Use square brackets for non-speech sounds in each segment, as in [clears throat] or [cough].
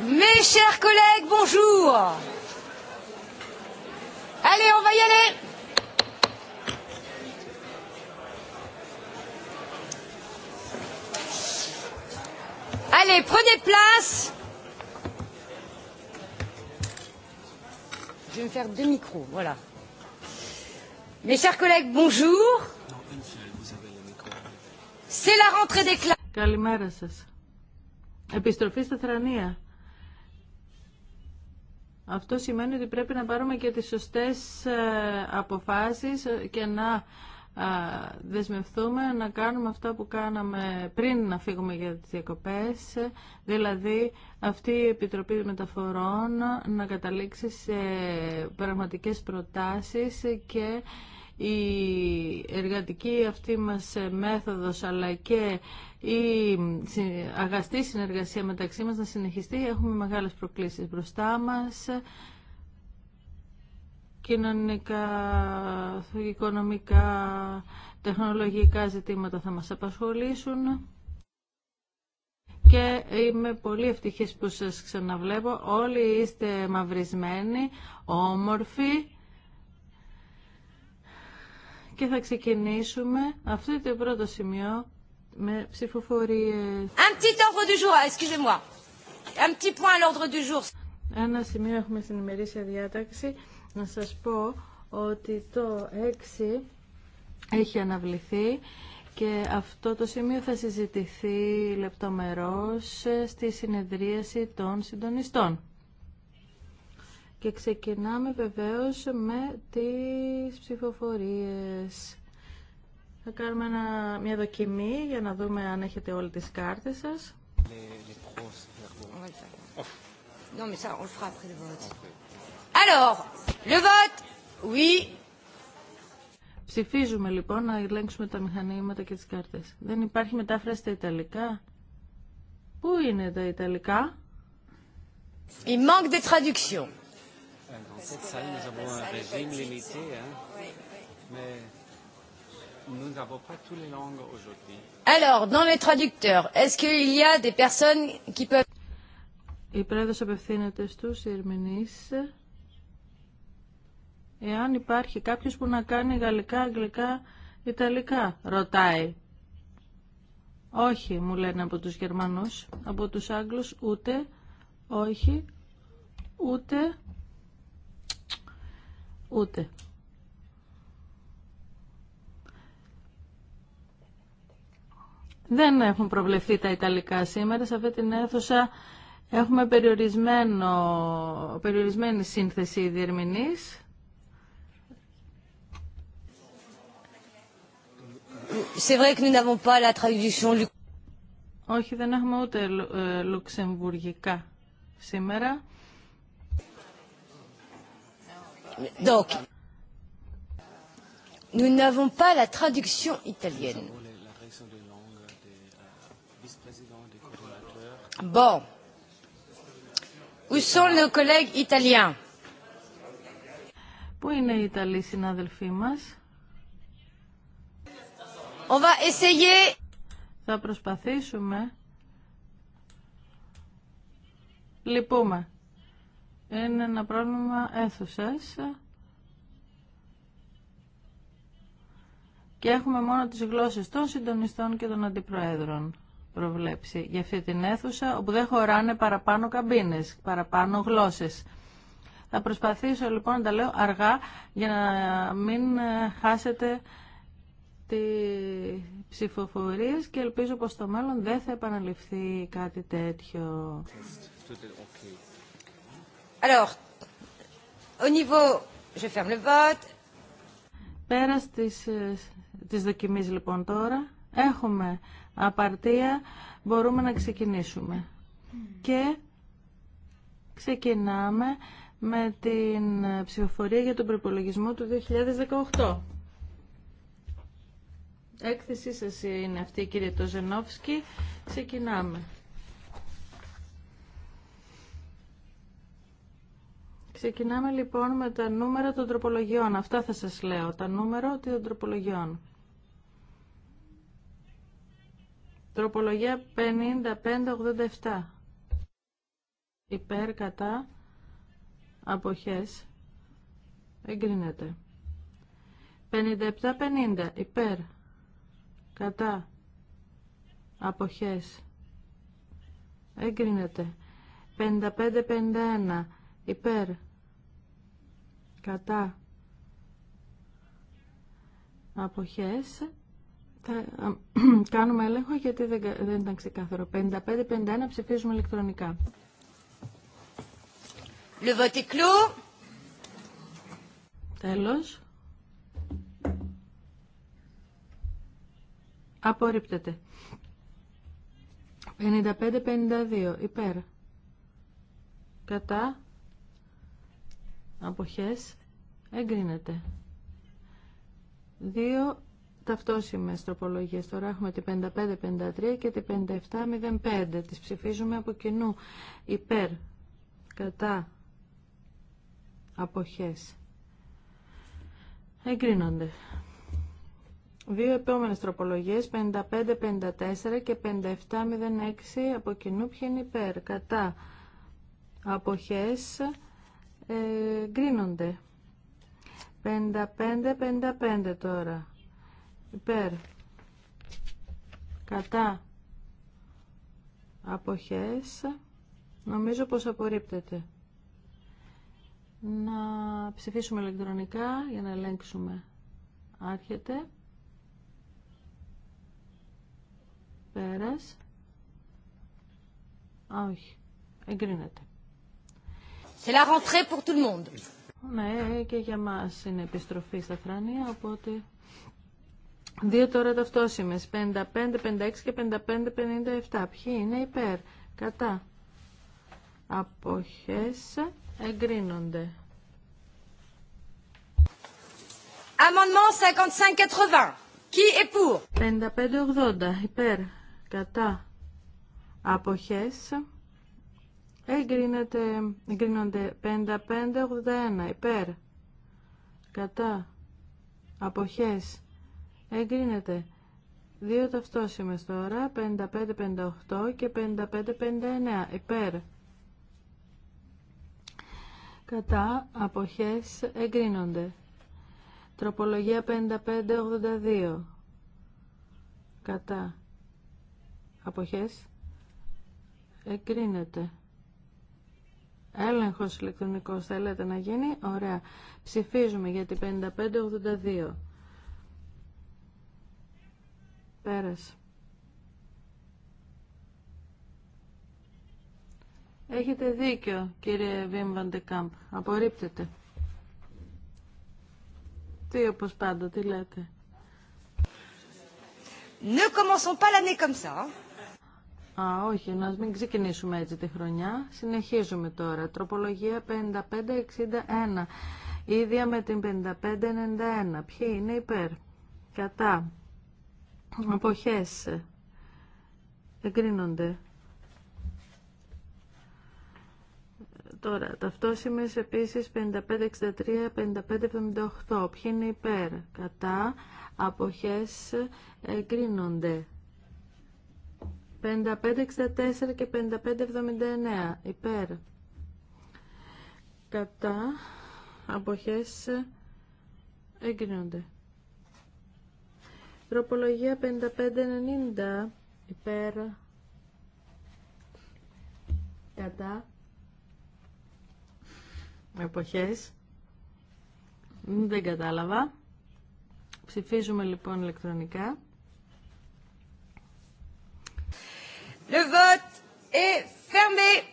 Mes chers collègues, bonjour. Allez, on va y aller. Allez, prenez place. Je vais me faire deux micros, voilà. Mes chers collègues, bonjour. C'est la rentrée des classes. Καλημέρα σας. Επιστροφή στα αυτό σημαίνει ότι πρέπει να πάρουμε και τις σωστές ε, αποφάσεις ε, και να ε, δεσμευτούμε να κάνουμε αυτά που κάναμε πριν να φύγουμε για τις διακοπές, δηλαδή αυτή η Επιτροπή Μεταφορών να καταλήξει σε πραγματικές προτάσεις και η εργατική αυτή μας μέθοδος αλλά και η αγαστή συνεργασία μεταξύ μας να συνεχιστεί. Έχουμε μεγάλες προκλήσεις μπροστά μας κοινωνικά, οικονομικά, τεχνολογικά ζητήματα θα μας απασχολήσουν και είμαι πολύ ευτυχής που σας ξαναβλέπω. Όλοι είστε μαυρισμένοι, όμορφοι και θα ξεκινήσουμε αυτό το πρώτο σημείο με ψηφοφορίες. Un petit ordre du jour, excusez-moi. Un petit point à l'ordre du jour. Ένα σημείο έχουμε στην ημερήσια διάταξη. Να σας πω ότι το 6 έχει αναβληθεί και αυτό το σημείο θα συζητηθεί λεπτομερώς στη συνεδρίαση των συντονιστών. Και ξεκινάμε βεβαίως με τις ψηφοφορίες. Θα κάνουμε ένα, μια δοκιμή για να δούμε αν έχετε όλες τις κάρτες σας. Non, mais ça, on le fera après le vote. Ψηφίζουμε λοιπόν να ελέγξουμε τα μηχανήματα και τις κάρτες. Δεν υπάρχει μετάφραση στα Ιταλικά. Πού είναι τα Ιταλικά? Il manque des traductions. Dans cette salle, nous avons un régime limité, hein. mais nous n'avons pas toutes les langues aujourd'hui. Alors, dans les traducteurs, est-ce qu'il y a des personnes qui peuvent... Η πρόεδρος απευθύνεται στους ερμηνείς. Εάν υπάρχει κάποιος που να κάνει γαλλικά, αγγλικά, ιταλικά, ρωτάει. Όχι, μου λένε από τους Γερμανούς, από τους Άγγλους, ούτε, όχι, ούτε ούτε. Δεν έχουν προβλεφθεί τα Ιταλικά σήμερα. Σε αυτή την αίθουσα έχουμε περιορισμένο, περιορισμένη σύνθεση διερμηνής. Όχι, δεν έχουμε ούτε ε, λουξεμβουργικά σήμερα. Donc, nous n'avons pas la traduction italienne. Bon. Où sont nos collègues italiens? Où είναι οι Ιταλοί συνάδελφοί μας? On va essayer. Θα προσπαθήσουμε. Λυπούμε είναι ένα πρόβλημα αίθουσα. και έχουμε μόνο τις γλώσσες των συντονιστών και των αντιπροέδρων προβλέψει για αυτή την αίθουσα όπου δεν χωράνε παραπάνω καμπίνες, παραπάνω γλώσσες. Θα προσπαθήσω λοιπόν να τα λέω αργά για να μην ε, χάσετε τη ψηφοφορίες και ελπίζω πως στο μέλλον δεν θα επαναληφθεί κάτι τέτοιο. Alors, au niveau... Πέρα της, ε, της λοιπόν τώρα, έχουμε απαρτία, μπορούμε να ξεκινήσουμε. Και ξεκινάμε με την ψηφοφορία για τον προπολογισμό του 2018. Έκθεσή σας είναι αυτή κύριε Τοζενόφσκι. Ξεκινάμε. Ξεκινάμε λοιπόν με τα νούμερα των τροπολογιών. Αυτά θα σας λέω, τα νούμερα των τροπολογιών. Τροπολογία 5587. Υπέρ, κατά, αποχές, εγκρίνεται. 5750. Υπέρ, κατά, αποχές, εγκρίνεται. 5551. Υπέρ, κατά αποχές θα [clears throat] κάνουμε έλεγχο γιατί δεν, δεν ήταν ξεκάθαρο 55-51 ψηφίζουμε ηλεκτρονικά Le vote Τέλος. Απορρίπτεται. 55-52. Υπέρ. Κατά. Αποχές. Εγκρίνεται. Δύο ταυτόσιμες τροπολογίες. Τώρα έχουμε τη 5553 και τη 5705. Τις ψηφίζουμε από κοινού υπέρ, κατά, αποχές. Εγκρίνονται. Δύο επόμενες τροπολογίες, 5554 και 5706 από κοινού Ποιοι υπέρ, κατά, αποχές, εγκρίνονται. 55-55 τώρα. Υπέρ. Κατά. Αποχές. Νομίζω πως απορρίπτεται. Να ψηφίσουμε ηλεκτρονικά για να ελέγξουμε. Άρχεται. Πέρας. Α, όχι. Εγκρίνεται. C'est la rentrée pour tout le monde. Ναι, και για μας είναι επιστροφή στα θρανία, οπότε... Δύο τώρα ταυτόσημες, 55, 56 και 55, 57. Ποιοι είναι υπέρ, κατά. Αποχές εγκρίνονται. Amendement 55-80. Qui est pour? 55-80. Υπέρ. Κατά. Αποχές. Εγκρίνεται, εγκρίνονται 5581 υπέρ. Κατά. Αποχές. Εγκρίνεται. Δύο ταυτόσημες τώρα, 5558 και 5559 υπέρ. Κατά. Αποχές. Εγκρίνονται. Τροπολογία 5582. Κατά. Αποχές. Εγκρίνεται. Έλεγχος ηλεκτρονικός θέλετε να γίνει. Ωραία. Ψηφίζουμε για την 5582. Πέρασε. Έχετε δίκιο, κύριε Βίμ Βαντεκάμπ. Απορρίπτεται. Τι όπως πάντα, τι λέτε. Ne commençons pas l'année comme ça. Α, όχι, να μην ξεκινήσουμε έτσι τη χρονιά. Συνεχίζουμε τώρα. Τροπολογία 5561. Ίδια με την 5591. Ποιοι είναι υπέρ. Κατά. Αποχές. Εγκρίνονται. Τώρα, ταυτόσημες επίσης 5563, 5578. Ποιοι είναι υπέρ. Κατά. Αποχές. Εγκρίνονται. 5564 και 5579 υπέρ κατά αποχές εγκρίνονται. Τροπολογία 5590 υπέρ κατά εποχές δεν κατάλαβα ψηφίζουμε λοιπόν ηλεκτρονικά Le vote est fermé.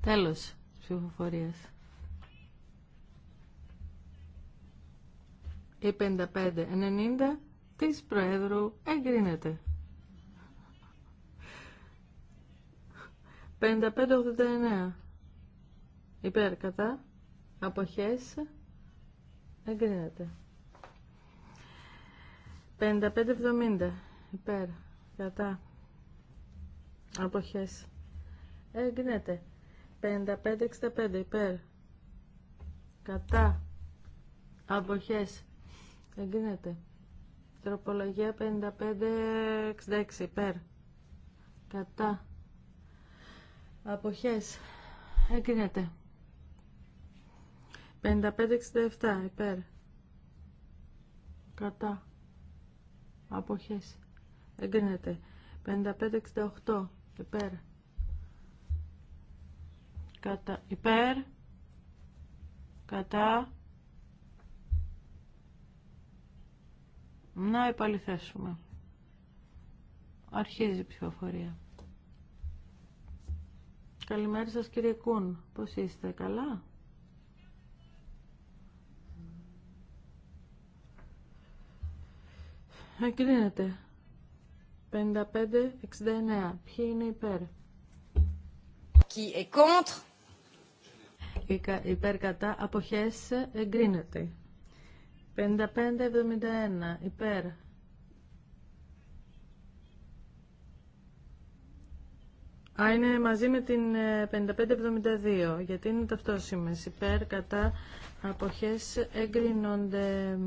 Τέλος ψηφοφορίας. Η 5590 της Προέδρου εγκρίνεται. 5589 υπέρ κατά αποχές εγκρίνεται. 5570 υπέρ κατά αποχές εγκρίνεται 55-65 υπέρ κατά αποχές εγκρίνεται τροπολογία 55-66 υπέρ κατά αποχές εγκρίνεται 55-67 υπέρ κατά αποχές εγκρίνεται 55-68 υπέρ κατά υπέρ κατά να επαληθέσουμε αρχίζει η ψηφοφορία Καλημέρα σας κύριε Κούν πως είστε καλά Εγκρίνεται 55-69. Ποιοι είναι υπέρ. Qui est contre. Υπέρ κατά αποχές εγκρίνεται. 55-71. Υπέρ. Α, είναι μαζί με την 55-72, ε, γιατί είναι ταυτόσημες. Υπέρ κατά αποχές εγκρίνονται.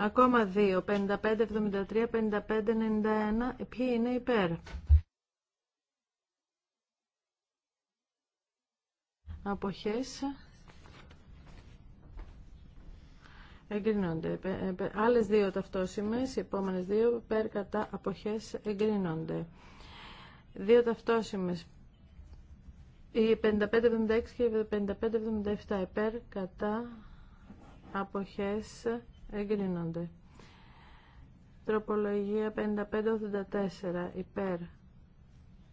Ακόμα δύο. 55, 73, 55, Ποιοι είναι υπέρ. Αποχές. Εγκρίνονται. Άλλες δύο ταυτόσημες, οι επόμενες δύο, υπέρ κατά αποχές εγκρίνονται. Δύο ταυτόσημες, οι 55-76 και 55-77 υπέρ κατά αποχές εγκρίνονται. Τροπολογία 5584 υπέρ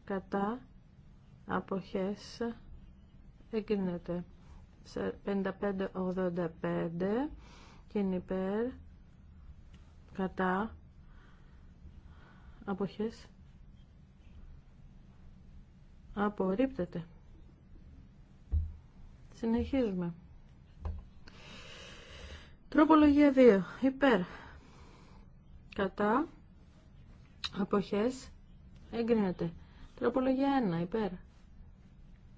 κατά αποχές εγκρίνεται. 5585 και υπέρ κατά αποχές απορρίπτεται. Συνεχίζουμε. Τροπολογία 2. Υπέρ. Κατά. Αποχές. Εγκρίνεται. Τροπολογία 1. Υπέρ.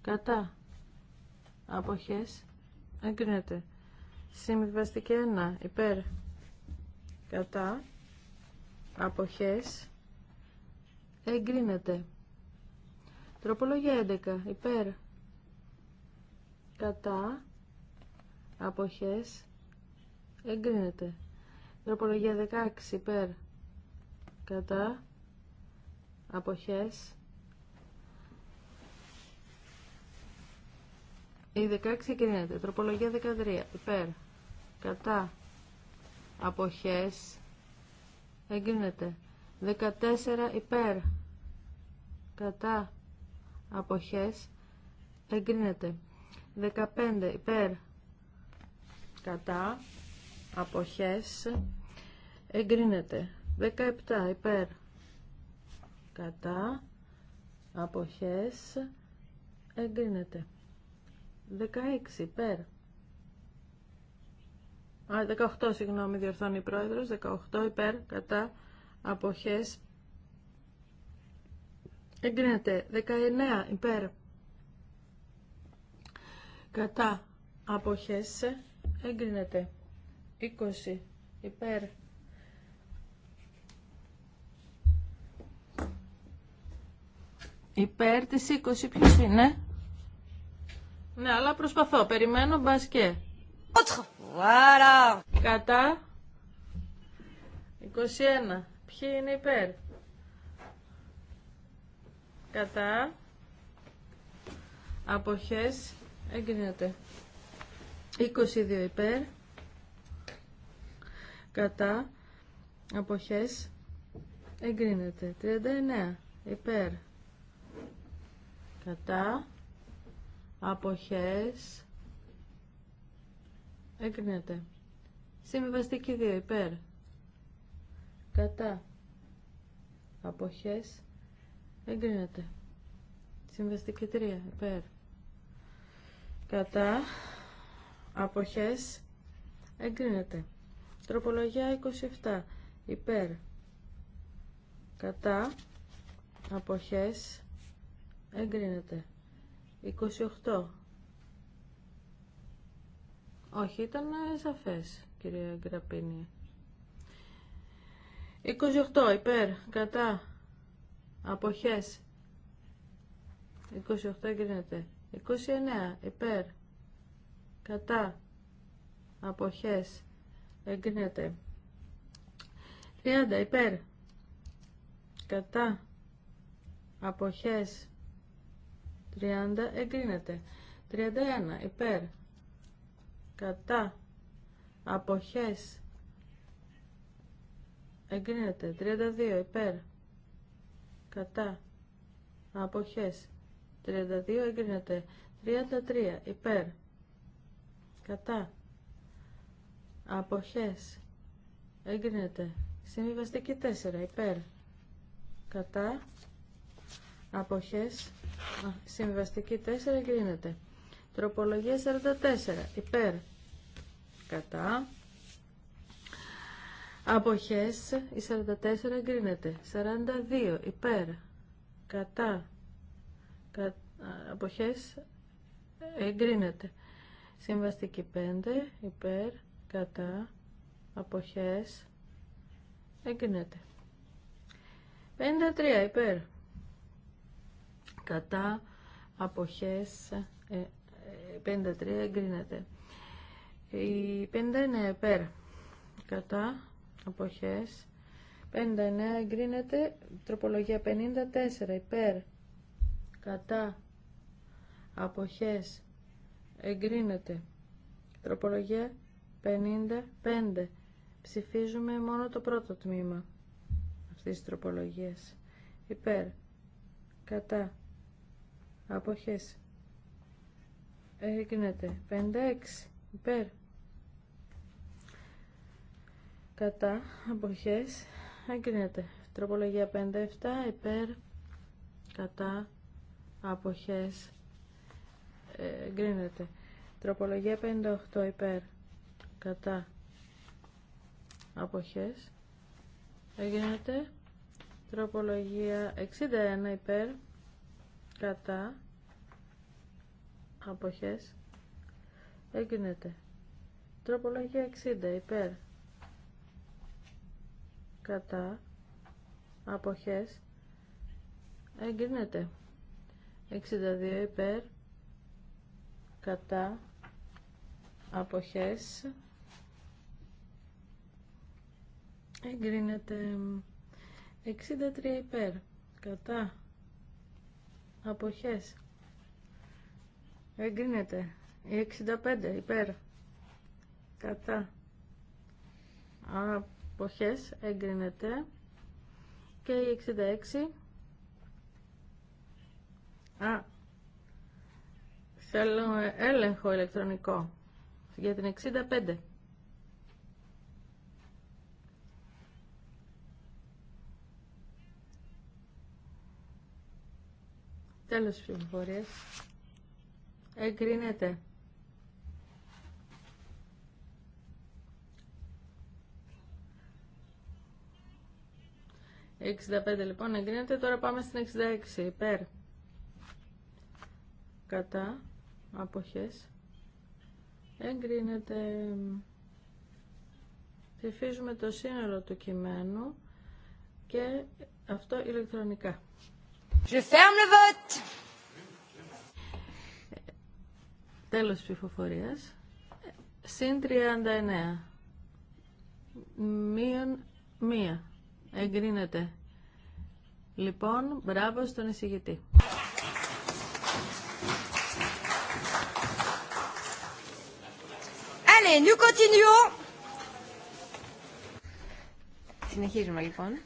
Κατά. Αποχές. Εγκρίνεται. Συμβιβαστική 1. Υπέρ. Κατά. Αποχές. Εγκρίνεται. Τροπολογία 11. Υπέρ. Κατά. Αποχές εγκρίνεται. Τροπολογία 16 υπέρ κατά αποχές η 16 εγκρίνεται. Τροπολογία 13 υπέρ κατά αποχές εγκρίνεται. 14 υπέρ κατά αποχές εγκρίνεται. 15 υπέρ κατά αποχές εγκρίνεται 17 υπέρ κατά αποχές εγκρίνεται 16 υπέρ Α, 18 συγγνώμη διορθώνει η πρόεδρος 18 υπέρ κατά αποχές εγκρίνεται 19 υπέρ κατά αποχές εγκρίνεται 20 υπέρ Υπέρ της 20 ποιος είναι Ναι αλλά προσπαθώ περιμένω μπασκέ Βάρα. Κατά 21 Ποιοι είναι υπέρ Κατά Αποχές Εγκρίνεται 22 υπέρ κατά αποχές εγκρίνεται 39 υπέρ κατά αποχές εγκρίνεται συμβιβαστική 2 υπέρ κατά αποχές εγκρίνεται συμβιβαστική 3 υπέρ κατά αποχές εγκρίνεται Τροπολογία 27. Υπέρ. Κατά. Αποχές. Εγκρίνεται. 28. Όχι, ήταν ε, σαφές, κυρία Γκραπίνη. 28. Υπέρ. Κατά. Αποχές. 28 εγκρίνεται. 29. Υπέρ. Κατά. Αποχές εγκρίνεται 30 υπέρ κατά αποχές 30 εγκρίνεται 31 υπέρ κατά αποχές εγκρίνεται 32 υπέρ κατά αποχές 32 εγκρίνεται 33 υπέρ κατά αποχές εγκρίνεται συμβιβαστική 4 υπέρ κατά αποχές συμβιβαστική 4 εγκρίνεται τροπολογία 44 υπέρ κατά αποχές η 44 εγκρίνεται 42 υπέρ κατά κα, αποχές εγκρίνεται συμβαστική 5 υπέρ κατά αποχές εγκρίνεται 53 υπέρ κατά αποχές 53 ε, ε, εγκρίνεται η 59 υπέρ κατά αποχές 59 εγκρίνεται τροπολογία 54 υπέρ κατά αποχές εγκρίνεται τροπολογία 55. Ψηφίζουμε μόνο το πρώτο τμήμα αυτής της τροπολογίας. Υπέρ. Κατά. Αποχές. Έγινεται. 56. Υπέρ. Κατά. Αποχές. Εγκρίνεται. Τροπολογία 57. Υπέρ. Κατά. Αποχές. Εγκρίνεται. Τροπολογία 58. Υπέρ κατά αποχές έγινε, τροπολογία 61 υπέρ κατά αποχές έγινε. τροπολογία 60 υπέρ κατά αποχές έγινε 62 υπέρ κατά αποχές εγκρίνεται 63 υπέρ κατά αποχές εγκρίνεται 65 υπέρ κατά αποχές εγκρίνεται και η 66 α θέλω έλεγχο ηλεκτρονικό για την 65 Τέλος της Εγκρίνεται. 65 λοιπόν εγκρίνεται. Τώρα πάμε στην 66. Υπέρ. Κατά. Αποχές. Εγκρίνεται. Ψηφίζουμε το σύνολο του κειμένου και αυτό ηλεκτρονικά. Je ferme le Τέλος ψηφοφορίας. Συν 39. Μείον μία. Εγκρίνεται. Λοιπόν, μπράβο στον εισηγητή. Allez, nous continuons. Συνεχίζουμε λοιπόν.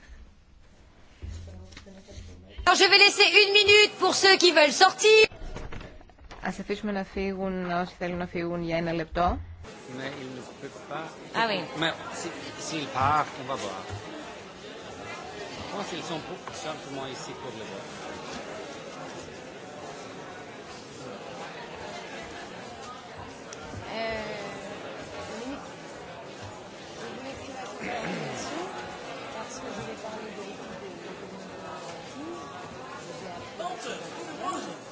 Ας αφήσουμε να φύγουν όσοι θέλουν να φύγουν για ένα λεπτό. Ah oui. Mais s'ils partent, on va voir. Je pense qu'ils sont simplement ici pour le voir.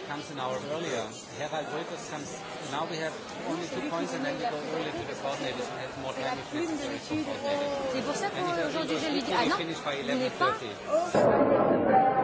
it comes an hour earlier. Herald Wolters comes. Now we have only two points and then we go early to the coordinators and have more time if necessary for coordinators. C'est pour ça qu'aujourd'hui je lui dis ah non, il n'est pas.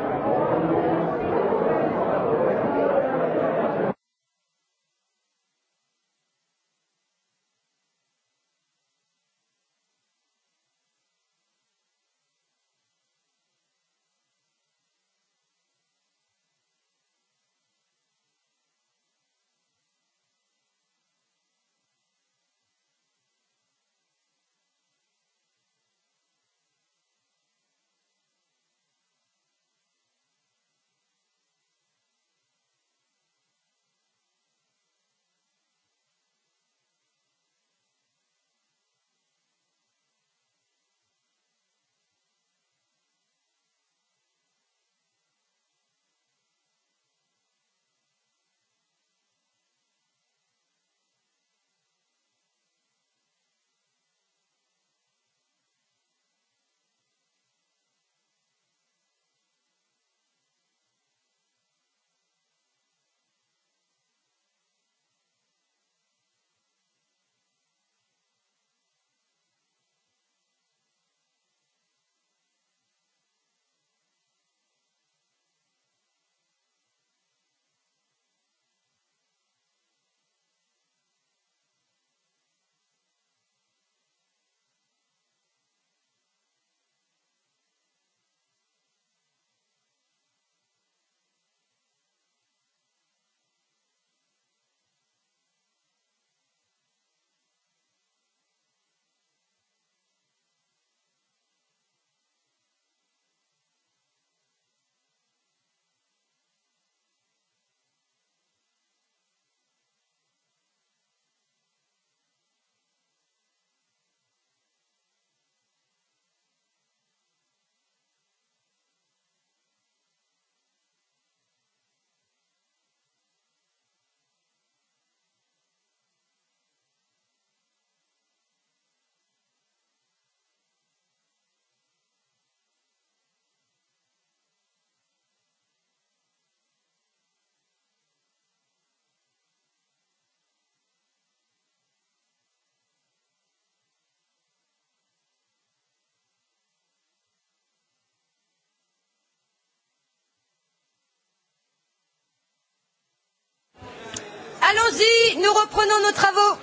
Allons-y, nous reprenons nos travaux.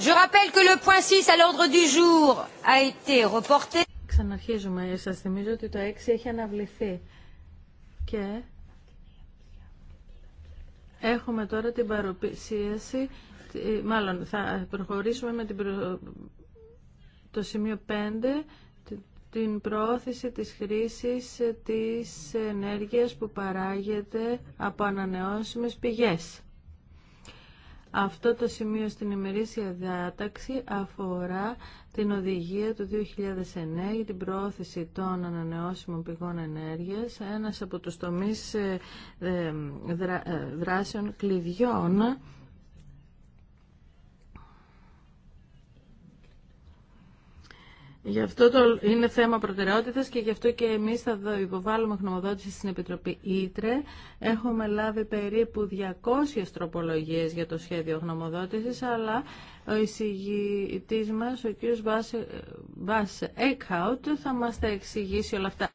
Je rappelle que le point 6 à l'ordre du jour a été reporté. Ξαναρχίζουμε. Σας θυμίζω ότι το 6 έχει αναβληθεί. Και έχουμε τώρα την παροπισίαση. μάλλον θα προχωρήσουμε με την προ... το σημείο 5 την προώθηση της χρήσης της ενέργειας που παράγεται από ανανεώσιμες πηγές. Αυτό το σημείο στην ημερήσια διάταξη αφορά την οδηγία του 2009 για την προώθηση των ανανεώσιμων πηγών ενέργειας, ένας από τους τομείς ε, ε, ε, δράσεων κλειδιών Γι' αυτό το είναι θέμα προτεραιότητας και γι' αυτό και εμείς θα υποβάλουμε γνωμοδότηση στην Επιτροπή Ήτρε. Έχουμε λάβει περίπου 200 τροπολογίες για το σχέδιο γνωμοδότησης, αλλά ο εισηγητής μας, ο κ. Βάσ Έκχαουτ, θα μας τα εξηγήσει όλα αυτά.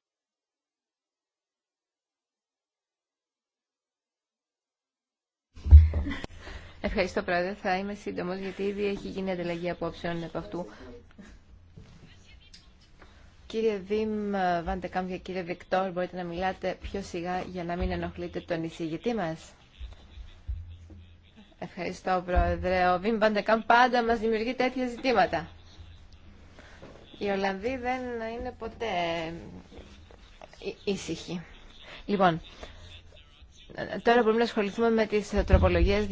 Ευχαριστώ, Πρόεδρε. Θα είμαι σύντομο, γιατί ήδη έχει γίνει ανταλλαγή απόψεων από αυτού. Κύριε Βίμ, Βαντεκάμ και κύριε Βικτόρ, μπορείτε να μιλάτε πιο σιγά για να μην ενοχλείτε τον εισηγητή μας. Ευχαριστώ, Πρόεδρε. Ο Βίμ Βαντεκάμ πάντα μας δημιουργεί τέτοια ζητήματα. Οι Ολλανδοί δεν είναι ποτέ ε, ήσυχοι. Λοιπόν, τώρα μπορούμε να ασχοληθούμε με τις τροπολογίες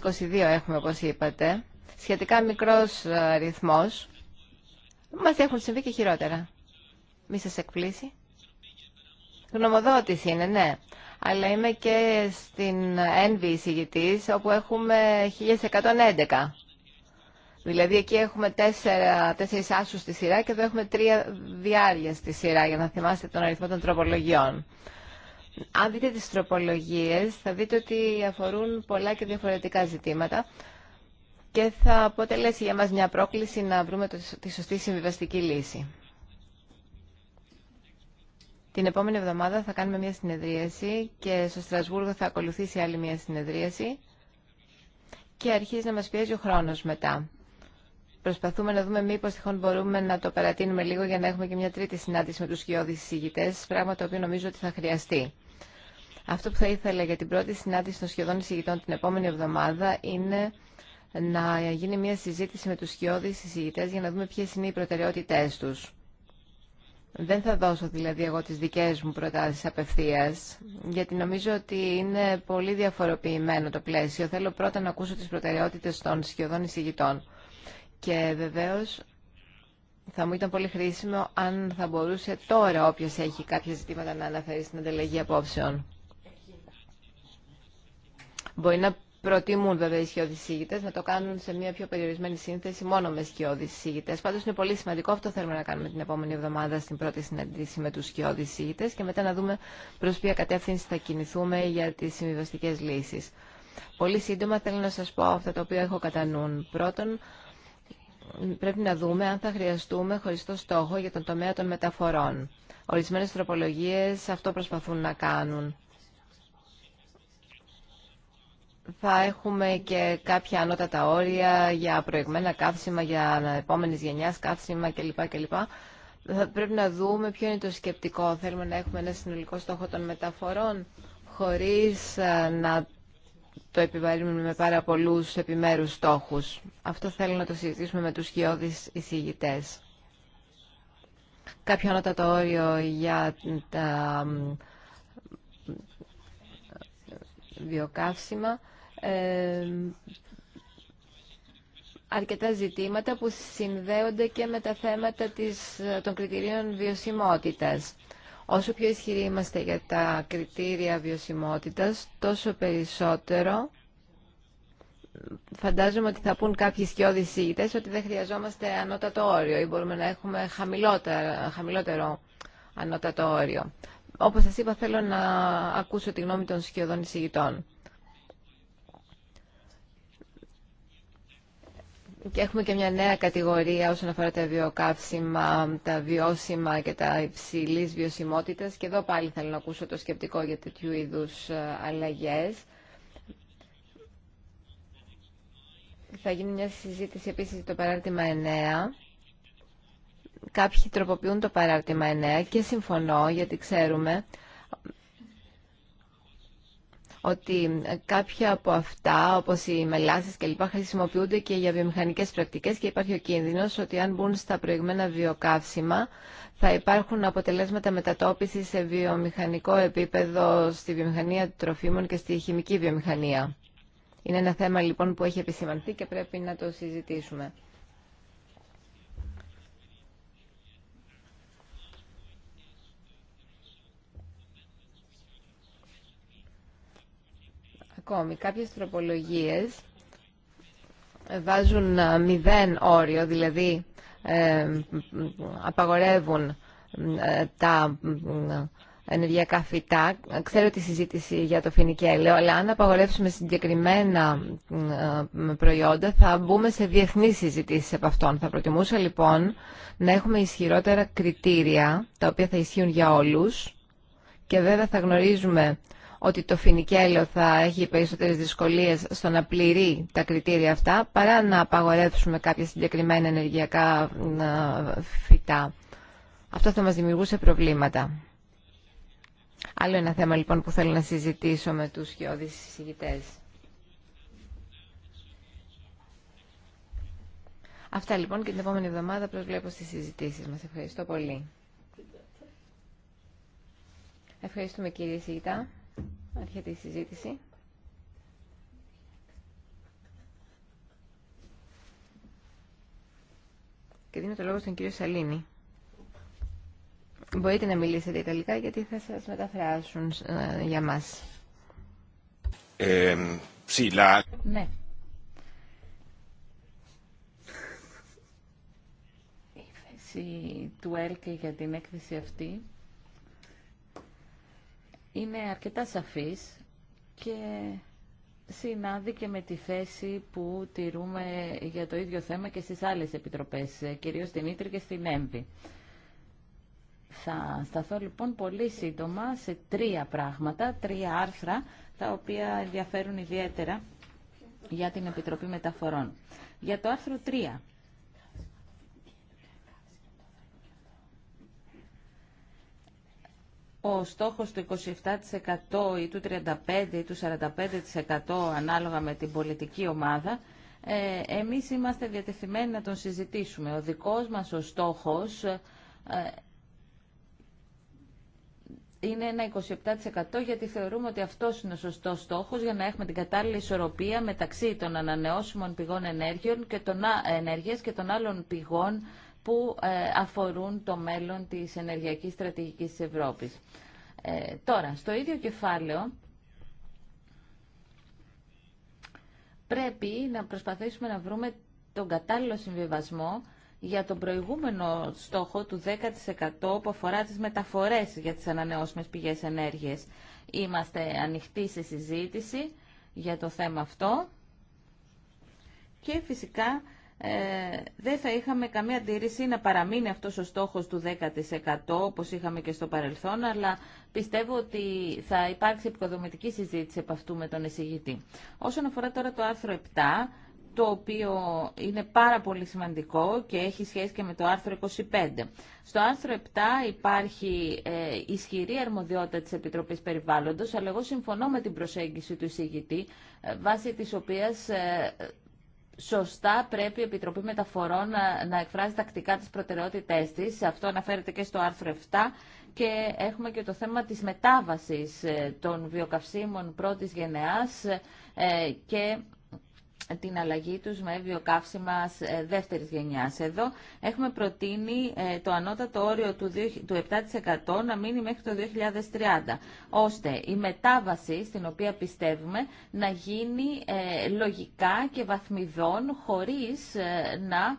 222 έχουμε, όπως είπατε. Σχετικά μικρός ε, αριθμό, Μας έχουν συμβεί και χειρότερα. Μη σας εκπλήσει. Γνωμοδότηση είναι, ναι. Αλλά είμαι και στην ένβη εισηγητή, όπου έχουμε 1111. Δηλαδή εκεί έχουμε τέσσερι άσου στη σειρά και εδώ έχουμε τρία διάρκεια στη σειρά, για να θυμάστε τον αριθμό των τροπολογιών. Αν δείτε τις τροπολογίες, θα δείτε ότι αφορούν πολλά και διαφορετικά ζητήματα και θα αποτελέσει για μας μια πρόκληση να βρούμε τη σωστή συμβιβαστική λύση. Την επόμενη εβδομάδα θα κάνουμε μια συνεδρίαση και στο Στρασβούργο θα ακολουθήσει άλλη μια συνεδρίαση και αρχίζει να μας πιέζει ο χρόνος μετά. Προσπαθούμε να δούμε μήπως τυχόν μπορούμε να το παρατείνουμε λίγο για να έχουμε και μια τρίτη συνάντηση με τους σκιώδεις εισηγητές, πράγμα το οποίο νομίζω ότι θα χρειαστεί. Αυτό που θα ήθελα για την πρώτη συνάντηση των σχεδόν εισηγητών την επόμενη εβδομάδα είναι να γίνει μια συζήτηση με τους σκιώδεις εισηγητές για να δούμε ποιες είναι οι προτεραιότητές τους. Δεν θα δώσω δηλαδή εγώ τις δικές μου προτάσεις απευθείας, γιατί νομίζω ότι είναι πολύ διαφοροποιημένο το πλαίσιο. Θέλω πρώτα να ακούσω τις προτεραιότητες των σχεδόν εισηγητών. Και βεβαίως θα μου ήταν πολύ χρήσιμο αν θα μπορούσε τώρα όποιο έχει κάποια ζητήματα να αναφέρει στην ανταλλαγή απόψεων. Προτιμούν βέβαια οι σκιώδει σύγητε να το κάνουν σε μια πιο περιορισμένη σύνθεση μόνο με σκιώδει σύγητε. Πάντω είναι πολύ σημαντικό αυτό θέλουμε να κάνουμε την επόμενη εβδομάδα στην πρώτη συναντήση με του σκιώδει σύγητε και μετά να δούμε προ ποια κατεύθυνση θα κινηθούμε για τι συμβιβαστικέ λύσει. Πολύ σύντομα θέλω να σα πω αυτά τα οποία έχω κατά νου. Πρώτον, πρέπει να δούμε αν θα χρειαστούμε χωριστό στόχο για τον τομέα των μεταφορών. Ορισμένε τροπολογίε αυτό προσπαθούν να κάνουν θα έχουμε και κάποια ανώτατα όρια για προηγμένα καύσιμα, για επόμενη γενιά καύσιμα κλπ. κλπ. Θα πρέπει να δούμε ποιο είναι το σκεπτικό. Θέλουμε να έχουμε ένα συνολικό στόχο των μεταφορών χωρίς ε, να το επιβαρύνουμε με πάρα πολλούς επιμέρους στόχους. Αυτό θέλω να το συζητήσουμε με τους χειώδεις εισηγητές. Κάποιο ανώτατο όριο για τα βιοκαύσιμα ε, αρκετά ζητήματα που συνδέονται και με τα θέματα της, των κριτηρίων βιωσιμότητας. Όσο πιο ισχυροί είμαστε για τα κριτήρια βιωσιμότητας, τόσο περισσότερο φαντάζομαι ότι θα πούν κάποιοι σκιώδεις συγητές ότι δεν χρειαζόμαστε ανώτατο όριο ή μπορούμε να έχουμε χαμηλότερο, χαμηλότερο ανώτατο όριο. Όπως σας είπα, θέλω να ακούσω τη γνώμη των σκιωδών εισηγητών. Και έχουμε και μια νέα κατηγορία όσον αφορά τα βιοκαύσιμα, τα βιώσιμα και τα υψηλή βιωσιμότητα. Και εδώ πάλι θέλω να ακούσω το σκεπτικό για τέτοιου είδου ε, αλλαγέ. Θα γίνει μια συζήτηση επίσης για το παράρτημα 9. Κάποιοι τροποποιούν το παράρτημα 9 και συμφωνώ γιατί ξέρουμε ότι κάποια από αυτά, όπως οι μελάσσε κλπ, χρησιμοποιούνται και για βιομηχανικές πρακτικές και υπάρχει ο κίνδυνος ότι αν μπουν στα προηγμένα βιοκαύσιμα θα υπάρχουν αποτελέσματα μετατόπισης σε βιομηχανικό επίπεδο στη βιομηχανία τροφίμων και στη χημική βιομηχανία. Είναι ένα θέμα λοιπόν που έχει επισημανθεί και πρέπει να το συζητήσουμε. Ακόμη, κάποιες τροπολογίες βάζουν ε, μηδέν όριο, δηλαδή ε, απαγορεύουν ε, τα ενεργειακά φυτά. Ξέρω τη συζήτηση για το φινικέλαιο, αλλά αν απαγορεύσουμε συγκεκριμένα προϊόντα θα μπούμε σε διεθνεί συζητήσει από αυτόν. Θα προτιμούσα λοιπόν να έχουμε ισχυρότερα κριτήρια, τα οποία θα ισχύουν για όλους και βέβαια θα γνωρίζουμε ότι το φινικέλαιο θα έχει περισσότερες δυσκολίες στο να πληρεί τα κριτήρια αυτά παρά να απαγορεύσουμε κάποια συγκεκριμένα ενεργειακά φυτά. Αυτό θα μας δημιουργούσε προβλήματα. Άλλο ένα θέμα λοιπόν που θέλω να συζητήσω με τους χειώδεις συζητητές. Αυτά λοιπόν και την επόμενη εβδομάδα προσβλέπω στις συζητήσεις μας. Ευχαριστώ πολύ. Ευχαριστούμε κύριε Σιγητά. Έρχεται η συζήτηση. Και δίνω το λόγο στον κύριο Σαλίνη. Μπορείτε να μιλήσετε ιταλικά γιατί θα σας μεταφράσουν ε, για μας. Ε, Ναι. Η θέση του ΕΛΚΕ για την έκθεση αυτή είναι αρκετά σαφής και συνάδει και με τη θέση που τηρούμε για το ίδιο θέμα και στις άλλες επιτροπές, ε, κυρίως στην Ήτρη και στην ΕΜΠΗ. Θα σταθώ λοιπόν πολύ σύντομα σε τρία πράγματα, τρία άρθρα, τα οποία ενδιαφέρουν ιδιαίτερα για την Επιτροπή Μεταφορών. Για το άρθρο 3, ο στόχος του 27% ή του 35% ή του 45% ανάλογα με την πολιτική ομάδα, ε, εμείς είμαστε διατεθειμένοι να τον συζητήσουμε. Ο δικός μας ο στόχος ε, είναι ένα 27% γιατί θεωρούμε ότι αυτό είναι ο σωστός στόχος για να έχουμε την κατάλληλη ισορροπία μεταξύ των ανανεώσιμων πηγών ενέργειων και ενέργειας και των άλλων πηγών που ε, αφορούν το μέλλον της ενεργειακής στρατηγικής της Ευρώπης. Ε, τώρα, στο ίδιο κεφάλαιο πρέπει να προσπαθήσουμε να βρούμε τον κατάλληλο συμβιβασμό για τον προηγούμενο στόχο του 10% που αφορά τις μεταφορές για τις ανανεώσιμες πηγές ενέργειας. Είμαστε ανοιχτοί σε συζήτηση για το θέμα αυτό και φυσικά ε, δεν θα είχαμε καμία αντίρρηση να παραμείνει αυτός ο στόχος του 10% όπως είχαμε και στο παρελθόν, αλλά πιστεύω ότι θα υπάρξει επικοδομητική συζήτηση από αυτού με τον εισηγητή. Όσον αφορά τώρα το άρθρο 7, το οποίο είναι πάρα πολύ σημαντικό και έχει σχέση και με το άρθρο 25. Στο άρθρο 7 υπάρχει ε, ισχυρή αρμοδιότητα της Επιτροπής Περιβάλλοντος, αλλά εγώ συμφωνώ με την προσέγγιση του εισηγητή, ε, βάσει της οποίας ε, σωστά πρέπει η Επιτροπή Μεταφορών να, να εκφράζει τακτικά τις προτεραιότητές της. Αυτό αναφέρεται και στο άρθρο 7 και έχουμε και το θέμα της μετάβασης ε, των βιοκαυσίμων πρώτης γενεάς ε, και την αλλαγή τους με βιοκαύσιμα ε, δεύτερης γενιάς. Εδώ έχουμε προτείνει ε, το ανώτατο όριο του 7% να μείνει μέχρι το 2030, ώστε η μετάβαση στην οποία πιστεύουμε να γίνει ε, λογικά και βαθμιδών χωρίς να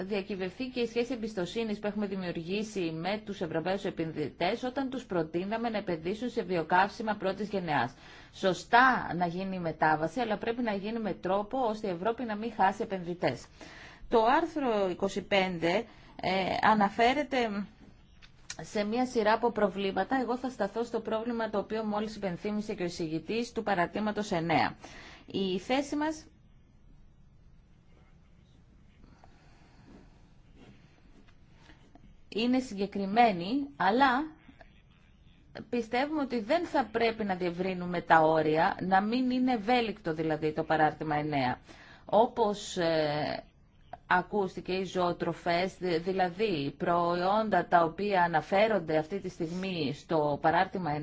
διακυβευτεί και η σχέση εμπιστοσύνη που έχουμε δημιουργήσει με του Ευρωπαίου επενδυτέ όταν του προτείναμε να επενδύσουν σε βιοκαύσιμα πρώτη γενεά. Σωστά να γίνει η μετάβαση, αλλά πρέπει να γίνει με τρόπο ώστε η Ευρώπη να μην χάσει επενδυτέ. Το άρθρο 25 ε, αναφέρεται σε μια σειρά από προβλήματα. Εγώ θα σταθώ στο πρόβλημα το οποίο μόλις υπενθύμησε και ο εισηγητής του παρατήματος 9. Η θέση μας είναι συγκεκριμένη, αλλά πιστεύουμε ότι δεν θα πρέπει να διευρύνουμε τα όρια, να μην είναι ευέλικτο δηλαδή το παράρτημα 9. Όπως ε, ακούστηκε οι ζωοτροφές, δηλαδή προϊόντα τα οποία αναφέρονται αυτή τη στιγμή στο παράρτημα 9,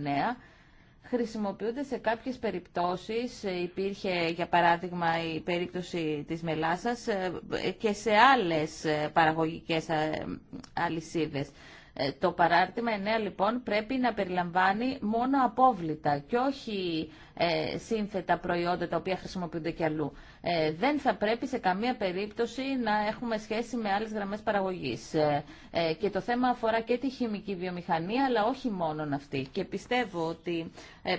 χρησιμοποιούνται σε κάποιες περιπτώσεις, ε, υπήρχε για παράδειγμα η περίπτωση της μελάσας ε, και σε άλλες ε, παραγωγικές αλυσίδες. Το παράρτημα 9 λοιπόν πρέπει να περιλαμβάνει μόνο απόβλητα και όχι σύνθετα προϊόντα τα οποία χρησιμοποιούνται και αλλού. Ε, δεν θα πρέπει σε καμία περίπτωση να έχουμε σχέση με άλλες γραμμές παραγωγής. Ε, ε, και το θέμα αφορά και τη χημική βιομηχανία, αλλά όχι μόνον αυτή. Και πιστεύω ότι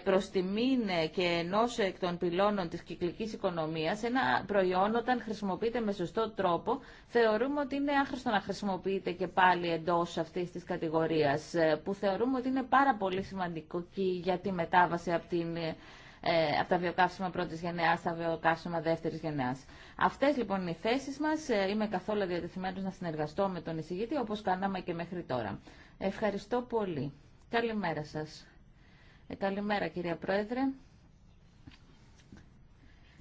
προς τιμήν και ενό εκ των πυλώνων της κυκλικής οικονομίας, ένα προϊόν όταν χρησιμοποιείται με σωστό τρόπο, θεωρούμε ότι είναι άχρηστο να χρησιμοποιείται και πάλι εντός αυτής της κατηγορίας, που θεωρούμε ότι είναι πάρα πολύ σημαντικό για τη μετάβαση από την ε, από τα βιοκαύσιμα πρώτης γενεάς στα βιοκαύσιμα δεύτερης γενεάς. Αυτές λοιπόν είναι οι θέσεις μας. Ε, είμαι καθόλου διατεθειμένος να συνεργαστώ με τον εισηγητή όπως κάναμε και μέχρι τώρα. Ευχαριστώ πολύ. Καλημέρα σας. Ε, καλημέρα κυρία Πρόεδρε.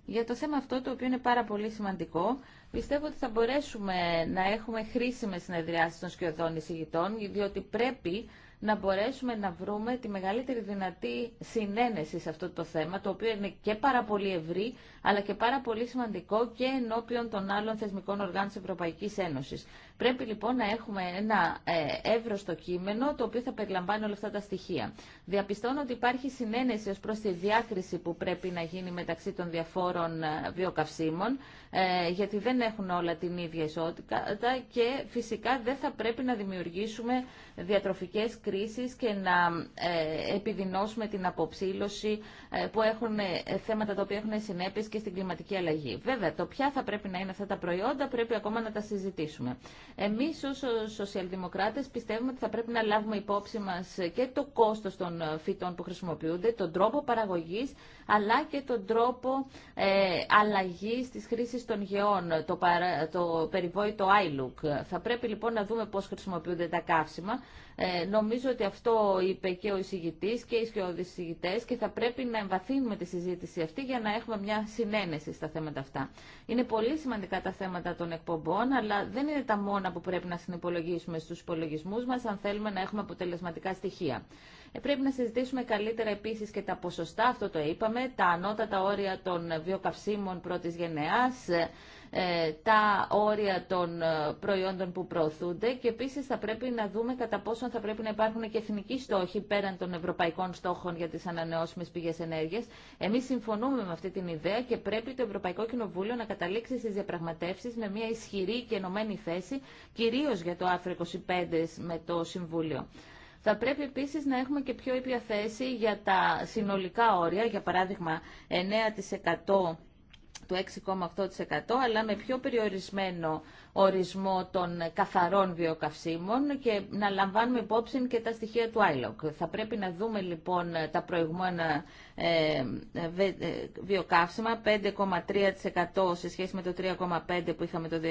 Για το θέμα αυτό το οποίο είναι πάρα πολύ σημαντικό, πιστεύω ότι θα μπορέσουμε να έχουμε χρήσιμες συνεδριάσεις των σκιωδών εισηγητών, διότι πρέπει να μπορέσουμε να βρούμε τη μεγαλύτερη δυνατή συνένεση σε αυτό το θέμα, το οποίο είναι και πάρα πολύ ευρύ, αλλά και πάρα πολύ σημαντικό και ενώπιον των άλλων θεσμικών οργάνων της Ευρωπαϊκής Ένωσης. Πρέπει λοιπόν να έχουμε ένα ε, εύρωστο κείμενο το οποίο θα περιλαμβάνει όλα αυτά τα στοιχεία. Διαπιστώνω ότι υπάρχει συνένεση ως προς τη διάκριση που πρέπει να γίνει μεταξύ των διαφόρων ε, βιοκαυσίμων ε, γιατί δεν έχουν όλα την ίδια ισότητα και φυσικά δεν θα πρέπει να δημιουργήσουμε διατροφικές κρίσεις και να επιδεινώσουμε την αποψήλωση που έχουν θέματα τα οποία έχουν συνέπειες και στην κλιματική αλλαγή. Βέβαια, το ποια θα πρέπει να είναι αυτά τα προϊόντα πρέπει ακόμα να τα συζητήσουμε. Εμεί ω σοσιαλδημοκράτε πιστεύουμε ότι θα πρέπει να λάβουμε υπόψη μα και το κόστο των φυτών που χρησιμοποιούνται, τον τρόπο παραγωγή, αλλά και τον τρόπο ε, αλλαγή τη χρήση των γεών, το, παρα, το περιβόητο iLook. Θα πρέπει λοιπόν να δούμε πώ χρησιμοποιούνται τα καύσιμα ε, νομίζω ότι αυτό είπε και ο εισηγητή και οι σκιώδεις εισηγητές και θα πρέπει να εμβαθύνουμε τη συζήτηση αυτή για να έχουμε μια συνένεση στα θέματα αυτά. Είναι πολύ σημαντικά τα θέματα των εκπομπών, αλλά δεν είναι τα μόνα που πρέπει να συνυπολογίσουμε στους υπολογισμού μας αν θέλουμε να έχουμε αποτελεσματικά στοιχεία. Ε, πρέπει να συζητήσουμε καλύτερα επίσης και τα ποσοστά, αυτό το είπαμε, τα ανώτατα όρια των βιοκαυσίμων πρώτης γενεάς, ε, ε, τα όρια των ε, προϊόντων που προωθούνται και επίσης θα πρέπει να δούμε κατά πόσο θα πρέπει να υπάρχουν και εθνικοί στόχοι πέραν των ευρωπαϊκών στόχων για τις ανανεώσιμες πηγές ενέργειας. Εμείς συμφωνούμε με αυτή την ιδέα και πρέπει το Ευρωπαϊκό Κοινοβούλιο να καταλήξει στις διαπραγματεύσεις με μια ισχυρή και ενωμένη θέση, κυρίως για το άρθρο 25 με το Συμβούλιο. Θα πρέπει επίσης να έχουμε και πιο ήπια θέση για τα συνολικά όρια, για παράδειγμα 9% του 6,8% αλλά με πιο περιορισμένο ορισμό των καθαρών βιοκαυσίμων και να λαμβάνουμε υπόψη και τα στοιχεία του ILOC. Θα πρέπει να δούμε λοιπόν τα προηγούμενα ε, ε, βιοκαύσιμα 5,3% σε σχέση με το 3,5% που είχαμε το 2005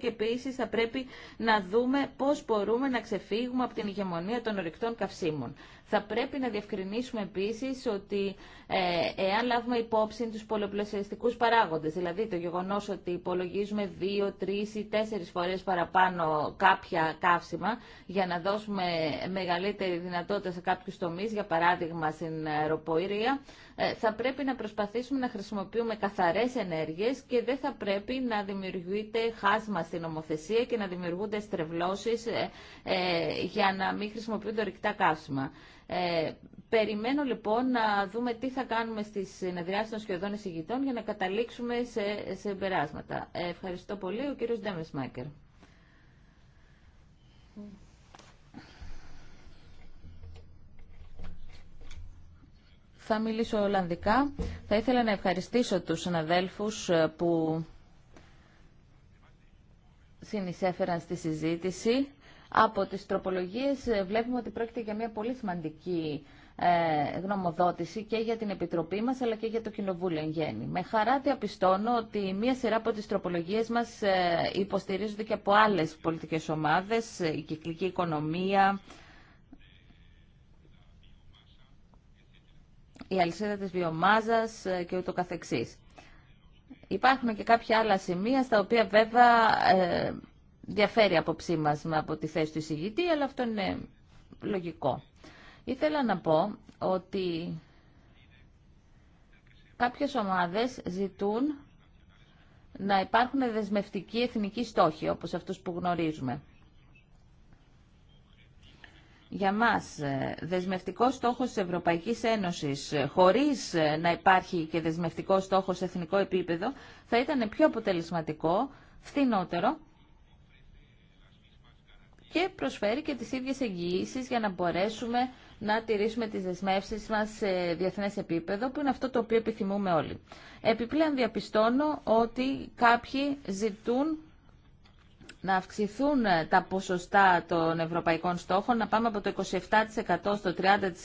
και επίσης θα πρέπει να δούμε πώς μπορούμε να ξεφύγουμε από την ηγεμονία των ορυκτών καυσίμων. Θα πρέπει να διευκρινίσουμε επίσης ότι ε, εάν λάβουμε υπόψη τους πολλοπλασιαστικούς παράγοντες, δηλαδή το γεγονός ότι υπολογίζουμε 2, 3 ή τέσσερις φορές παραπάνω κάποια καύσιμα για να δώσουμε μεγαλύτερη δυνατότητα σε κάποιους τομείς, για παράδειγμα στην αεροπορία, ε, θα πρέπει να προσπαθήσουμε να χρησιμοποιούμε καθαρές ενέργειες και δεν θα πρέπει να δημιουργείται χάσμα στην νομοθεσία και να δημιουργούνται στρεβλώσεις ε, ε, για να μην χρησιμοποιούνται ορυκτά καύσιμα. Ε, περιμένω λοιπόν να δούμε τι θα κάνουμε στις συνεδριάσεις των σχεδόν εισηγητών για να καταλήξουμε σε, σε περάσματα. Ε, ευχαριστώ πολύ. Ο κύριος Ντέμες Θα μιλήσω Ολλανδικά. Θα ήθελα να ευχαριστήσω τους συναδέλφους ε, που συνεισέφεραν στη συζήτηση. Από τις τροπολογίες ε, βλέπουμε ότι πρόκειται για μια πολύ σημαντική ε, γνωμοδότηση και για την Επιτροπή μας αλλά και για το Κοινοβούλιο εν γέννη. Με χαρά διαπιστώνω ότι μία σειρά από τις τροπολογίες μας ε, υποστηρίζονται και από άλλες πολιτικές ομάδες, η κυκλική οικονομία, η αλυσίδα της βιομάζας και ούτω καθεξής. Υπάρχουν και κάποια άλλα σημεία στα οποία βέβαια διαφέρει η απόψή μας από τη θέση του εισηγητή, αλλά αυτό είναι λογικό. Ήθελα να πω ότι κάποιες ομάδες ζητούν να υπάρχουν δεσμευτικοί εθνικοί στόχοι, όπως αυτούς που γνωρίζουμε. Για μας, ε, δεσμευτικός στόχος της Ευρωπαϊκής Ένωσης, ε, χωρίς ε, να υπάρχει και δεσμευτικός στόχος σε εθνικό επίπεδο, θα ήταν πιο αποτελεσματικό, φθηνότερο και προσφέρει και τις ίδιες εγγυήσεις για να μπορέσουμε να τηρήσουμε τις δεσμεύσεις μας σε διεθνές επίπεδο, που είναι αυτό το οποίο επιθυμούμε όλοι. Επιπλέον διαπιστώνω ότι κάποιοι ζητούν να αυξηθούν τα ποσοστά των ευρωπαϊκών στόχων, να πάμε από το 27% στο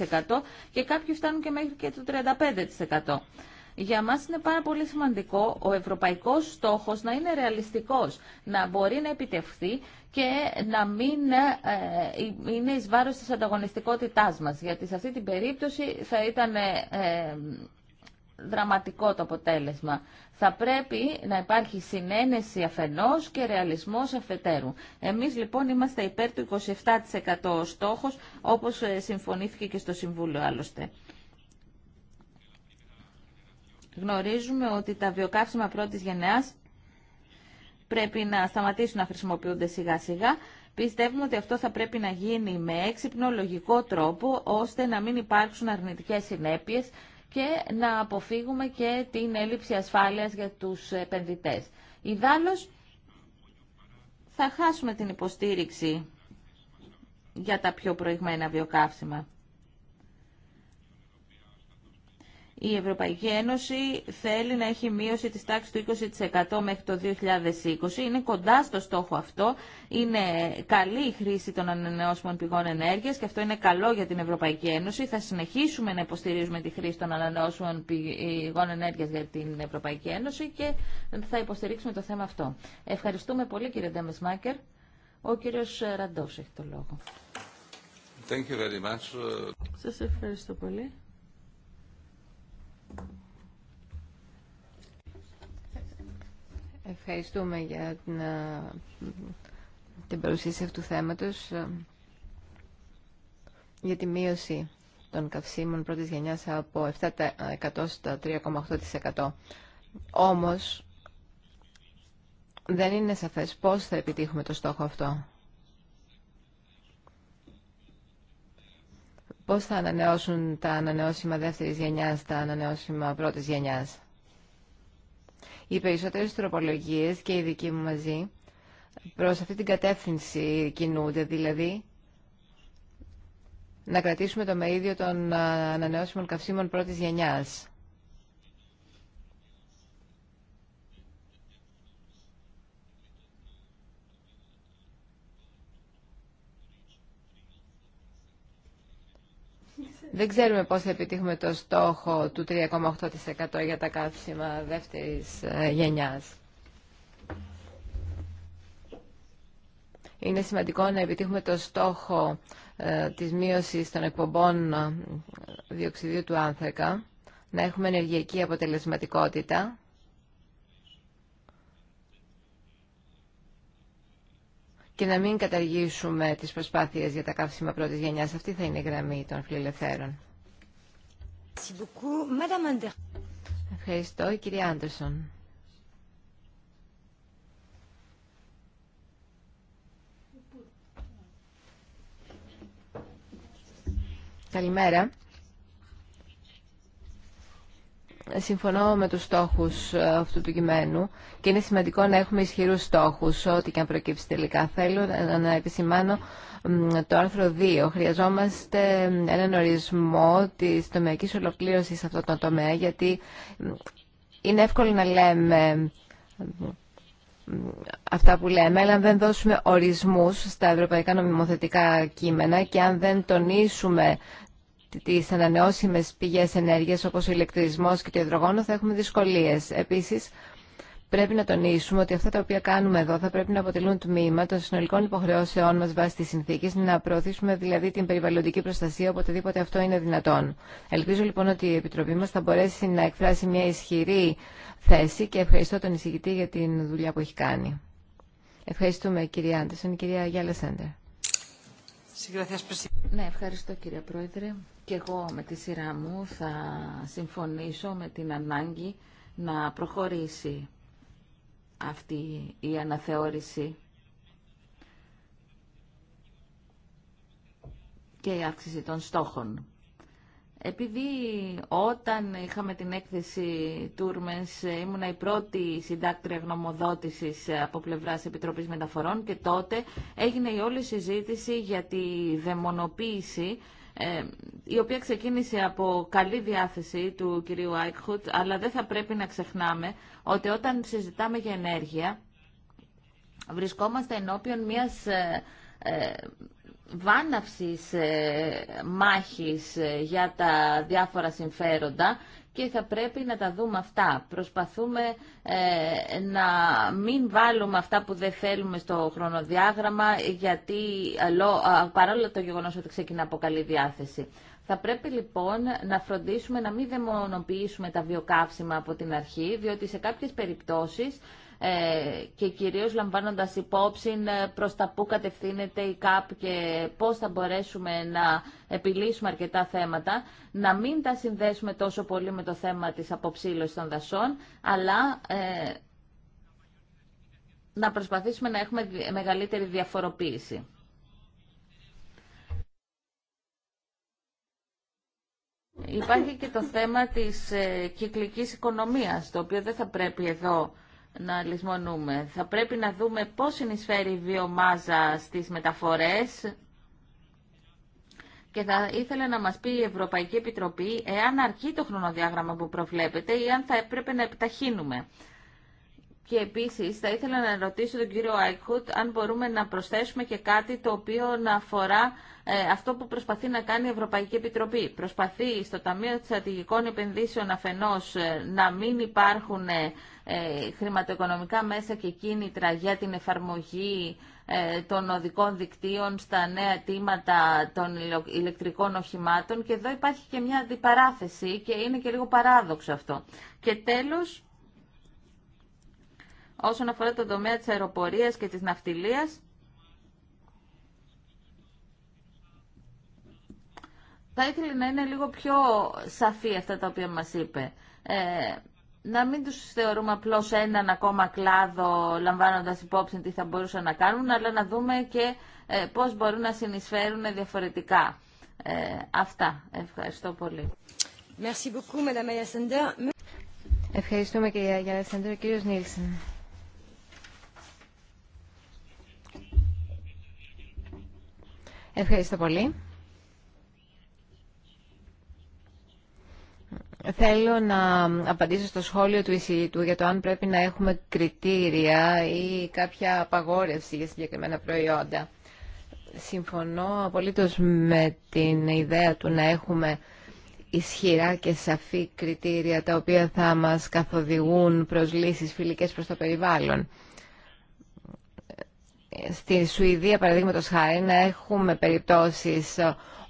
30% και κάποιοι φτάνουν και μέχρι και το 35%. Για μα είναι πάρα πολύ σημαντικό ο ευρωπαϊκός στόχος να είναι ρεαλιστικός, να μπορεί να επιτευχθεί και να μην ε, ε, είναι ει βάρο της ανταγωνιστικότητάς μας. Γιατί σε αυτή την περίπτωση θα ήταν ε, δραματικό το αποτέλεσμα. Θα πρέπει να υπάρχει συνένεση αφενός και ρεαλισμός αφετέρου. Εμείς λοιπόν είμαστε υπέρ του 27% στόχος, όπως συμφωνήθηκε και στο Συμβούλιο άλλωστε. Γνωρίζουμε ότι τα βιοκάψιμα πρώτης γενεάς πρέπει να σταματήσουν να χρησιμοποιούνται σιγά σιγά. Πιστεύουμε ότι αυτό θα πρέπει να γίνει με έξυπνο λογικό τρόπο ώστε να μην υπάρξουν αρνητικές συνέπειες και να αποφύγουμε και την έλλειψη ασφάλειας για τους επενδυτές. Ιδάλλως θα χάσουμε την υποστήριξη για τα πιο προηγμένα βιοκαύσιμα. η Ευρωπαϊκή Ένωση θέλει να έχει μείωση της τάξης του 20% μέχρι το 2020. Είναι κοντά στο στόχο αυτό. Είναι καλή η χρήση των ανανεώσιμων πηγών ενέργειας και αυτό είναι καλό για την Ευρωπαϊκή Ένωση. Θα συνεχίσουμε να υποστηρίζουμε τη χρήση των ανανεώσιμων πηγών ενέργειας για την Ευρωπαϊκή Ένωση και θα υποστηρίξουμε το θέμα αυτό. Ευχαριστούμε πολύ κύριε Ντέμες Μάκερ. Ο κύριος Ραντός έχει το λόγο. Thank Σας ευχαριστώ πολύ. Ευχαριστούμε για την, ε, την παρουσίαση αυτού του θέματος ε, για τη μείωση των καυσίμων πρώτης γενιάς από 7% στα 3,8%. Όμως, δεν είναι σαφές πώς θα επιτύχουμε το στόχο αυτό. πώς θα ανανεώσουν τα ανανεώσιμα δεύτερης γενιάς, τα ανανεώσιμα πρώτης γενιάς. Οι περισσότερες τροπολογίες και οι δικοί μου μαζί προς αυτή την κατεύθυνση κινούνται, δηλαδή να κρατήσουμε το μερίδιο των ανανεώσιμων καυσίμων πρώτης γενιάς. Δεν ξέρουμε πώς θα επιτύχουμε το στόχο του 3,8% για τα κάψιμα δεύτερης ε, γενιάς. Είναι σημαντικό να επιτύχουμε το στόχο ε, της μείωσης των εκπομπών ε, διοξιδίου του άνθρακα, να έχουμε ενεργειακή αποτελεσματικότητα και να μην καταργήσουμε τις προσπάθειες για τα καύσιμα πρώτης γενιάς. Αυτή θα είναι η γραμμή των φιλελευθέρων. Ευχαριστώ, η κυρία Άντερσον. Καλημέρα συμφωνώ με τους στόχους ε, αυτού του κειμένου και είναι σημαντικό να έχουμε ισχυρούς στόχους, ό,τι και αν προκύψει τελικά. Θέλω να επισημάνω το άρθρο 2. Χρειαζόμαστε ε, έναν ορισμό της τομεακής ολοκλήρωσης σε αυτό το τομέα, γιατί είναι εύκολο να λέμε αυτά που λέμε, αλλά αν δεν δώσουμε ορισμούς στα ευρωπαϊκά νομιμοθετικά κείμενα και αν δεν τονίσουμε τις ανανεώσιμες πηγές ενέργειας όπως ο ηλεκτρισμός και το υδρογόνο θα έχουμε δυσκολίες. Επίσης, πρέπει να τονίσουμε ότι αυτά τα οποία κάνουμε εδώ θα πρέπει να αποτελούν τμήμα των συνολικών υποχρεώσεών μας βάσει της συνθήκης, να προωθήσουμε δηλαδή την περιβαλλοντική προστασία οποτεδήποτε αυτό είναι δυνατόν. Ελπίζω λοιπόν ότι η Επιτροπή μας θα μπορέσει να εκφράσει μια ισχυρή θέση και ευχαριστώ τον εισηγητή για την δουλειά που έχει κάνει. Ευχαριστούμε κυρία Άντεσον, κυρία Γιάλα Σέντερ. Ναι, ευχαριστώ κύριε Πρόεδρε. Και εγώ με τη σειρά μου θα συμφωνήσω με την ανάγκη να προχωρήσει αυτή η αναθεώρηση και η αύξηση των στόχων. Επειδή όταν είχαμε την έκθεση Τούρμες ε, ήμουνα η πρώτη συντάκτρια γνωμοδότησης ε, από πλευράς Επιτροπής Μεταφορών και τότε έγινε η όλη συζήτηση για τη δαιμονοποίηση ε, η οποία ξεκίνησε από καλή διάθεση του κυρίου Άικχουτ, αλλά δεν θα πρέπει να ξεχνάμε ότι όταν συζητάμε για ενέργεια βρισκόμαστε ενώπιον μιας βάναυσης ε, μάχης ε, για τα διάφορα συμφέροντα και θα πρέπει να τα δούμε αυτά. Προσπαθούμε ε, να μην βάλουμε αυτά που δεν θέλουμε στο χρονοδιάγραμμα, γιατί παρόλο το γεγονός ότι ξεκινά από καλή διάθεση. Θα πρέπει λοιπόν να φροντίσουμε να μην δαιμονοποιήσουμε τα βιοκαύσιμα από την αρχή, διότι σε κάποιες περιπτώσεις ε, και κυρίως λαμβάνοντας υπόψη ε, προς τα που κατευθύνεται η ΚΑΠ και πώς θα μπορέσουμε να επιλύσουμε αρκετά θέματα, να μην τα συνδέσουμε τόσο πολύ με το θέμα της αποψήλωσης των δασών, αλλά ε, να προσπαθήσουμε να έχουμε μεγαλύτερη διαφοροποίηση. Υπάρχει και το θέμα της κυκλικής οικονομίας, το οποίο δεν θα πρέπει εδώ να λησμονούμε. Θα πρέπει να δούμε πώς συνεισφέρει η βιομάζα στις μεταφορές και θα ήθελα να μας πει η Ευρωπαϊκή Επιτροπή εάν αρκεί το χρονοδιάγραμμα που προβλέπετε ή αν θα έπρεπε να επιταχύνουμε. Και επίσης θα ήθελα να ρωτήσω τον κύριο Αϊκούτ αν μπορούμε να προσθέσουμε και κάτι το οποίο να αφορά ε, αυτό που προσπαθεί να κάνει η Ευρωπαϊκή Επιτροπή. Προσπαθεί στο Ταμείο Στρατηγικών Επενδύσεων αφενό ε, να μην υπάρχουν ε, ε, χρηματοοικονομικά μέσα και κίνητρα για την εφαρμογή των οδικών δικτύων στα νέα αιτήματα των ηλεκτρικών οχημάτων και εδώ υπάρχει και μια αντιπαράθεση και είναι και λίγο παράδοξο αυτό. Και τέλος, όσον αφορά τον τομέα της αεροπορίας και της ναυτιλίας, θα ήθελε να είναι λίγο πιο σαφή αυτά τα οποία μας είπε. Ε, να μην τους θεωρούμε απλώς έναν ακόμα κλάδο λαμβάνοντας υπόψη τι θα μπορούσαν να κάνουν, αλλά να δούμε και ε, πώς μπορούν να συνεισφέρουν διαφορετικά. Ε, αυτά. Ευχαριστώ πολύ. Ευχαριστούμε κυρία Γιάννα Σέντερ. Κύριος Νίλσεν. Ευχαριστώ πολύ. Θέλω να απαντήσω στο σχόλιο του εισηγητού για το αν πρέπει να έχουμε κριτήρια ή κάποια απαγόρευση για συγκεκριμένα προϊόντα. Συμφωνώ απολύτως με την ιδέα του να έχουμε ισχυρά και σαφή κριτήρια τα οποία θα μας καθοδηγούν προς λύσεις φιλικές προς το περιβάλλον. Στη Σουηδία, παραδείγματος χάρη, να έχουμε περιπτώσεις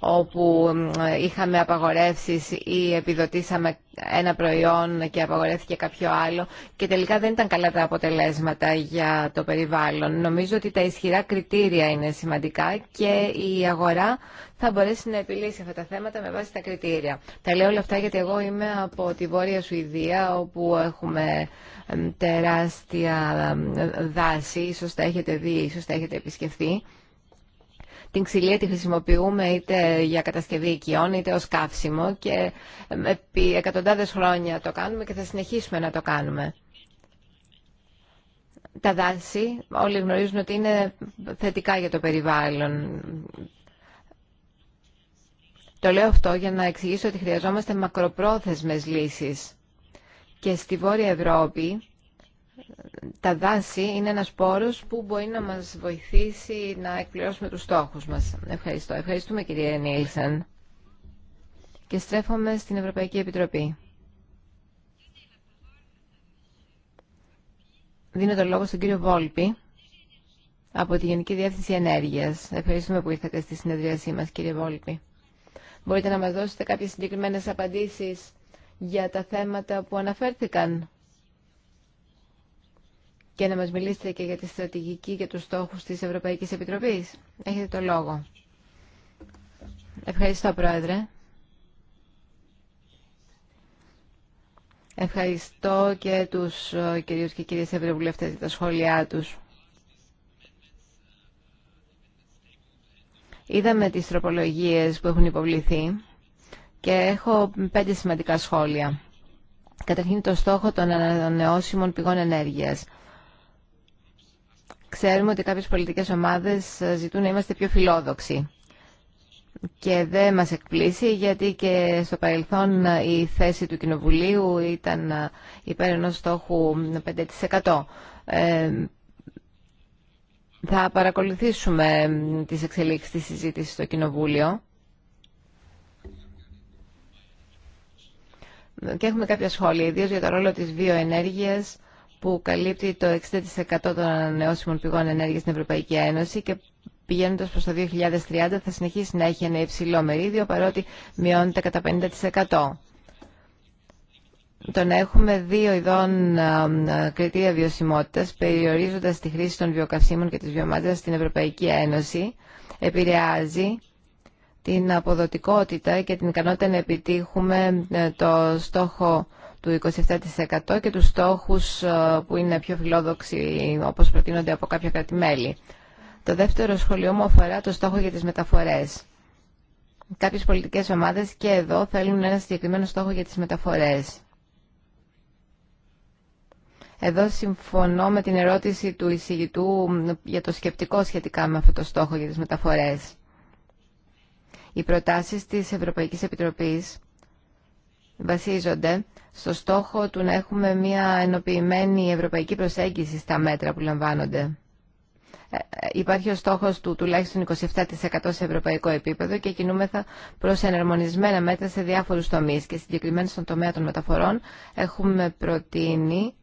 όπου ε, είχαμε απαγορεύσεις ή επιδοτήσαμε ένα προϊόν και απαγορεύτηκε κάποιο άλλο και τελικά δεν ήταν καλά τα αποτελέσματα για το περιβάλλον. Νομίζω ότι τα ισχυρά κριτήρια είναι σημαντικά και η αγορά θα μπορέσει να επιλύσει αυτά τα θέματα με βάση τα κριτήρια. Τα λέω όλα αυτά γιατί εγώ είμαι από τη Βόρεια Σουηδία όπου έχουμε τεράστια δάση, ίσως τα έχετε δει, ίσως τα έχετε επισκεφθεί. Την ξυλία τη χρησιμοποιούμε είτε για κατασκευή οικειών είτε ως καύσιμο και επί εκατοντάδες χρόνια το κάνουμε και θα συνεχίσουμε να το κάνουμε. Τα δάση όλοι γνωρίζουν ότι είναι θετικά για το περιβάλλον. Το λέω αυτό για να εξηγήσω ότι χρειαζόμαστε μακροπρόθεσμες λύσεις. Και στη Βόρεια Ευρώπη τα δάση είναι ένας πόρος που μπορεί να μας βοηθήσει να εκπληρώσουμε τους στόχους μας. Ευχαριστώ. Ευχαριστούμε κυρία Νίλσεν. Και στρέφομαι στην Ευρωπαϊκή Επιτροπή. Δίνω το λόγο στον κύριο Βόλπη από τη Γενική Διεύθυνση Ενέργειας. Ευχαριστούμε που ήρθατε στη συνεδρίασή μας κύριε Βόλπη. Μπορείτε να μας δώσετε κάποιες συγκεκριμένες απαντήσεις για τα θέματα που αναφέρθηκαν και να μας μιλήσετε και για τη στρατηγική και τους στόχους της Ευρωπαϊκής Επιτροπής. Έχετε το λόγο. Ευχαριστώ, Πρόεδρε. Ευχαριστώ και τους ε, κυρίους και κυρίες ευρωβουλευτές για τα σχόλιά τους. Είδαμε τις τροπολογίες που έχουν υποβληθεί και έχω πέντε σημαντικά σχόλια. Καταρχήν το στόχο των ανανεώσιμων πηγών ενέργειας. Ξέρουμε ότι κάποιες πολιτικές ομάδες ε, ζητούν να είμαστε πιο φιλόδοξοι. Και δεν μας εκπλήσει γιατί και στο παρελθόν ε, η θέση του Κοινοβουλίου ήταν ε, υπέρ ενός στόχου 5%. Ε, θα παρακολουθήσουμε τις εξελίξεις της συζήτησης στο Κοινοβούλιο. Και έχουμε κάποια σχόλια, ιδίω για το ρόλο της βιοενέργειας που καλύπτει το 60% των ανανεώσιμων πηγών ενέργειας στην Ευρωπαϊκή Ένωση και πηγαίνοντα προς το 2030 θα συνεχίσει να έχει ένα υψηλό μερίδιο παρότι μειώνεται κατά 50%. Το να έχουμε δύο ειδών κριτήρια βιωσιμότητα, περιορίζοντας τη χρήση των βιοκαυσίμων και της βιομάζα στην Ευρωπαϊκή Ένωση, επηρεάζει την αποδοτικότητα και την ικανότητα να επιτύχουμε ε, το στόχο του 27% και τους στόχους ε, που είναι πιο φιλόδοξοι όπως προτείνονται από κάποια κρατημέλη. Το δεύτερο σχολείο μου αφορά το στόχο για τις μεταφορές. Κάποιες πολιτικές ομάδες και εδώ θέλουν ένα συγκεκριμένο στόχο για τις μεταφορές. Εδώ συμφωνώ με την ερώτηση του εισηγητού για το σκεπτικό σχετικά με αυτό το στόχο για τις μεταφορές. Οι προτάσεις της Ευρωπαϊκής Επιτροπής βασίζονται στο στόχο του να έχουμε μια ενοποιημένη ευρωπαϊκή προσέγγιση στα μέτρα που λαμβάνονται. Ε, ε, υπάρχει ο στόχος του τουλάχιστον 27% σε ευρωπαϊκό επίπεδο και κινούμεθα προς εναρμονισμένα μέτρα σε διάφορους τομείς και συγκεκριμένα στον τομέα των μεταφορών έχουμε προτείνει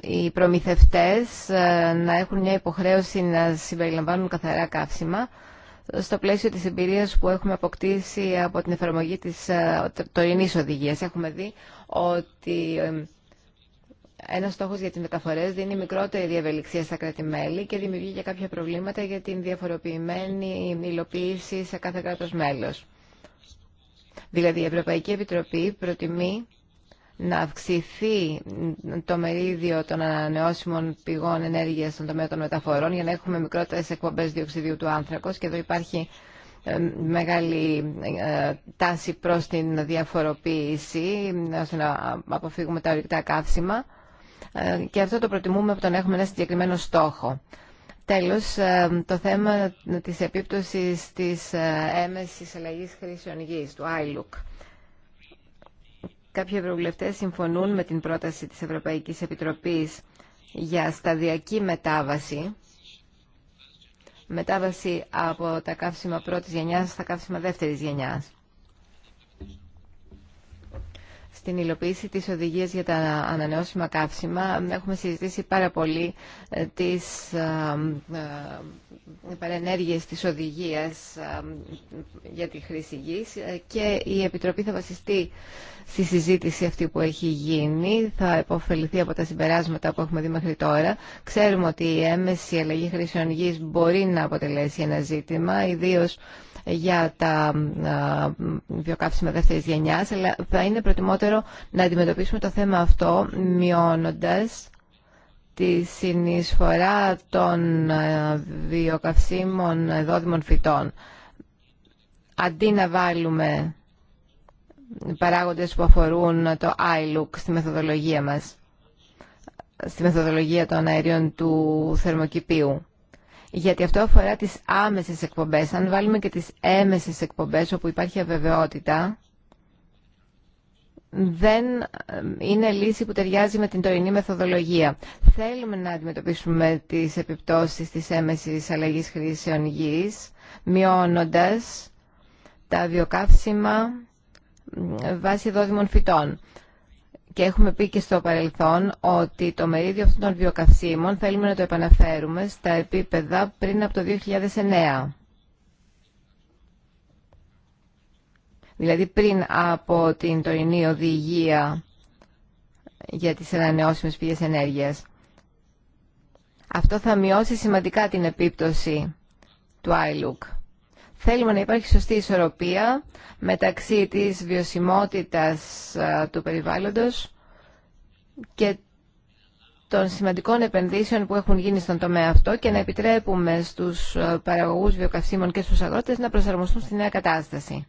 οι προμηθευτές ε, να έχουν μια υποχρέωση να συμπεριλαμβάνουν καθαρά καύσιμα στο πλαίσιο της εμπειρίας που έχουμε αποκτήσει από την εφαρμογή της ε, τωρινής οδηγίας. Έχουμε δει ότι ε, ένας στόχος για τις μεταφορές δίνει μικρότερη διαβελιξία στα κράτη-μέλη και δημιουργεί και κάποια προβλήματα για την διαφοροποιημένη υλοποίηση σε κάθε κράτος μέλος. Δηλαδή η Ευρωπαϊκή Επιτροπή προτιμεί να αυξηθεί το μερίδιο των ανανεώσιμων πηγών ενέργειας στον τομέα των μεταφορών για να έχουμε μικρότερες εκπομπές διοξιδίου του άνθρακος και εδώ υπάρχει ε, μεγάλη ε, τάση προς την διαφοροποίηση ε, ώστε να αποφύγουμε τα ορυκτά καύσιμα και αυτό το προτιμούμε από το να έχουμε ένα συγκεκριμένο στόχο. Τέλος, το θέμα της επίπτωσης της έμεσης αλλαγής χρήσεων γης, του ILUC. Κάποιοι ευρωβουλευτές συμφωνούν με την πρόταση της Ευρωπαϊκής Επιτροπής για σταδιακή μετάβαση, μετάβαση από τα καύσιμα πρώτης γενιάς στα καύσιμα δεύτερης γενιάς στην υλοποίηση της οδηγίας για τα ανανεώσιμα καύσιμα έχουμε συζητήσει πάρα πολύ ε, τις ε, ε, παρενέργειες της οδηγίας για τη χρήση γης και η Επιτροπή θα βασιστεί στη συζήτηση αυτή που έχει γίνει, θα επωφεληθεί από τα συμπεράσματα που έχουμε δει μέχρι τώρα. Ξέρουμε ότι η έμεση αλλαγή χρήσεων γης μπορεί να αποτελέσει ένα ζήτημα, ιδίως για τα βιοκαύσιμα δεύτερη γενιά, αλλά θα είναι προτιμότερο να αντιμετωπίσουμε το θέμα αυτό μειώνοντα τη συνεισφορά των βιοκαυσίμων δόδιμων φυτών. Αντί να βάλουμε παράγοντες που αφορούν το iLook στη μεθοδολογία μας, στη μεθοδολογία των αερίων του θερμοκηπίου γιατί αυτό αφορά τις άμεσες εκπομπές. Αν βάλουμε και τις έμεσες εκπομπές όπου υπάρχει αβεβαιότητα, δεν ε, είναι λύση που ταιριάζει με την τωρινή μεθοδολογία. Θέλουμε να αντιμετωπίσουμε τις επιπτώσεις της έμεσης αλλαγής χρήσεων γης, μειώνοντας τα βιοκαύσιμα ε, βάσει δόδιμων φυτών και έχουμε πει και στο παρελθόν ότι το μερίδιο αυτών των βιοκαυσίμων θέλουμε να το επαναφέρουμε στα επίπεδα πριν από το 2009. Δηλαδή πριν από την τωρινή οδηγία για τις ανανεώσιμες πηγές ενέργειας. Αυτό θα μειώσει σημαντικά την επίπτωση του iLook. Θέλουμε να υπάρχει σωστή ισορροπία μεταξύ της βιωσιμότητας του περιβάλλοντος και των σημαντικών επενδύσεων που έχουν γίνει στον τομέα αυτό και να επιτρέπουμε στους παραγωγούς βιοκαυσίμων και στους αγρότες να προσαρμοστούν στη νέα κατάσταση.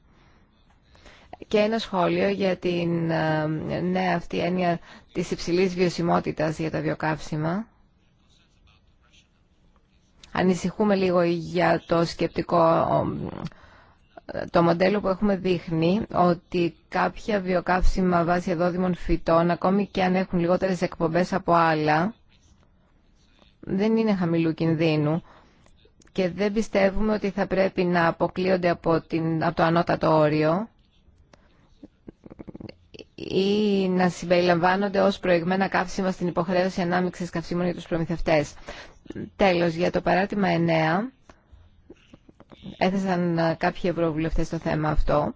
Και ένα σχόλιο για την νέα αυτή έννοια της υψηλής βιωσιμότητας για τα βιοκαύσιμα ανησυχούμε λίγο για το σκεπτικό το μοντέλο που έχουμε δείχνει ότι κάποια βιοκαύσιμα βάσει εδόδημων φυτών, ακόμη και αν έχουν λιγότερες εκπομπές από άλλα, δεν είναι χαμηλού κινδύνου και δεν πιστεύουμε ότι θα πρέπει να αποκλείονται από, την, από το ανώτατο όριο ή να συμπεριλαμβάνονται ως προηγμένα καύσιμα στην υποχρέωση ανάμειξης καυσίμων για τους προμηθευτές. Τέλος, για το παράρτημα 9, έθεσαν ε, κάποιοι ευρωβουλευτές το θέμα αυτό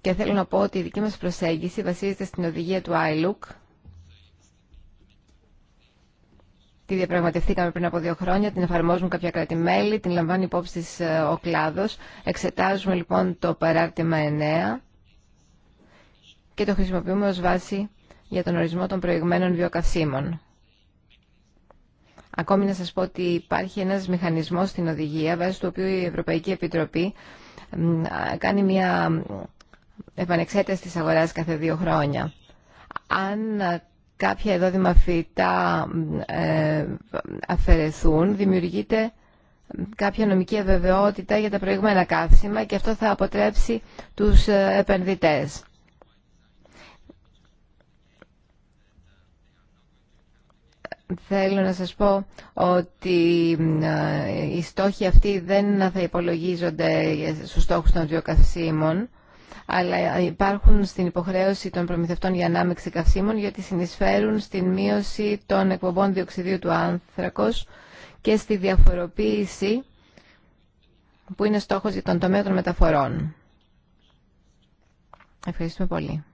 και θέλω να πω ότι η δική μας προσέγγιση βασίζεται στην οδηγία του ILUC. Τη διαπραγματευτήκαμε πριν από δύο χρόνια, την εφαρμόζουν κάποια κράτη-μέλη, την λαμβάνει υπόψη ε, ο κλάδος. Εξετάζουμε λοιπόν το παράρτημα 9 και το χρησιμοποιούμε ως βάση για τον ορισμό των προηγμένων βιοκαυσίμων. Ακόμη να σας πω ότι υπάρχει ένας μηχανισμός στην οδηγία βάσει του οποίου η Ευρωπαϊκή Επιτροπή κάνει μια επανεξέταση της αγοράς κάθε δύο χρόνια. Αν κάποια εδόδημα φυτά ε, αφαιρεθούν, δημιουργείται κάποια νομική αβεβαιότητα για τα προηγούμενα καύσιμα και αυτό θα αποτρέψει τους ε, επενδυτές. Θέλω να σας πω ότι ε, οι στόχοι αυτοί δεν θα υπολογίζονται στους στόχους των δύο καυσίμων, αλλά υπάρχουν στην υποχρέωση των προμηθευτών για ανάμεξη καυσίμων γιατί συνεισφέρουν στην μείωση των εκπομπών διοξιδίου του άνθρακος και στη διαφοροποίηση που είναι στόχος για τον τομέα των μεταφορών. Ευχαριστούμε πολύ.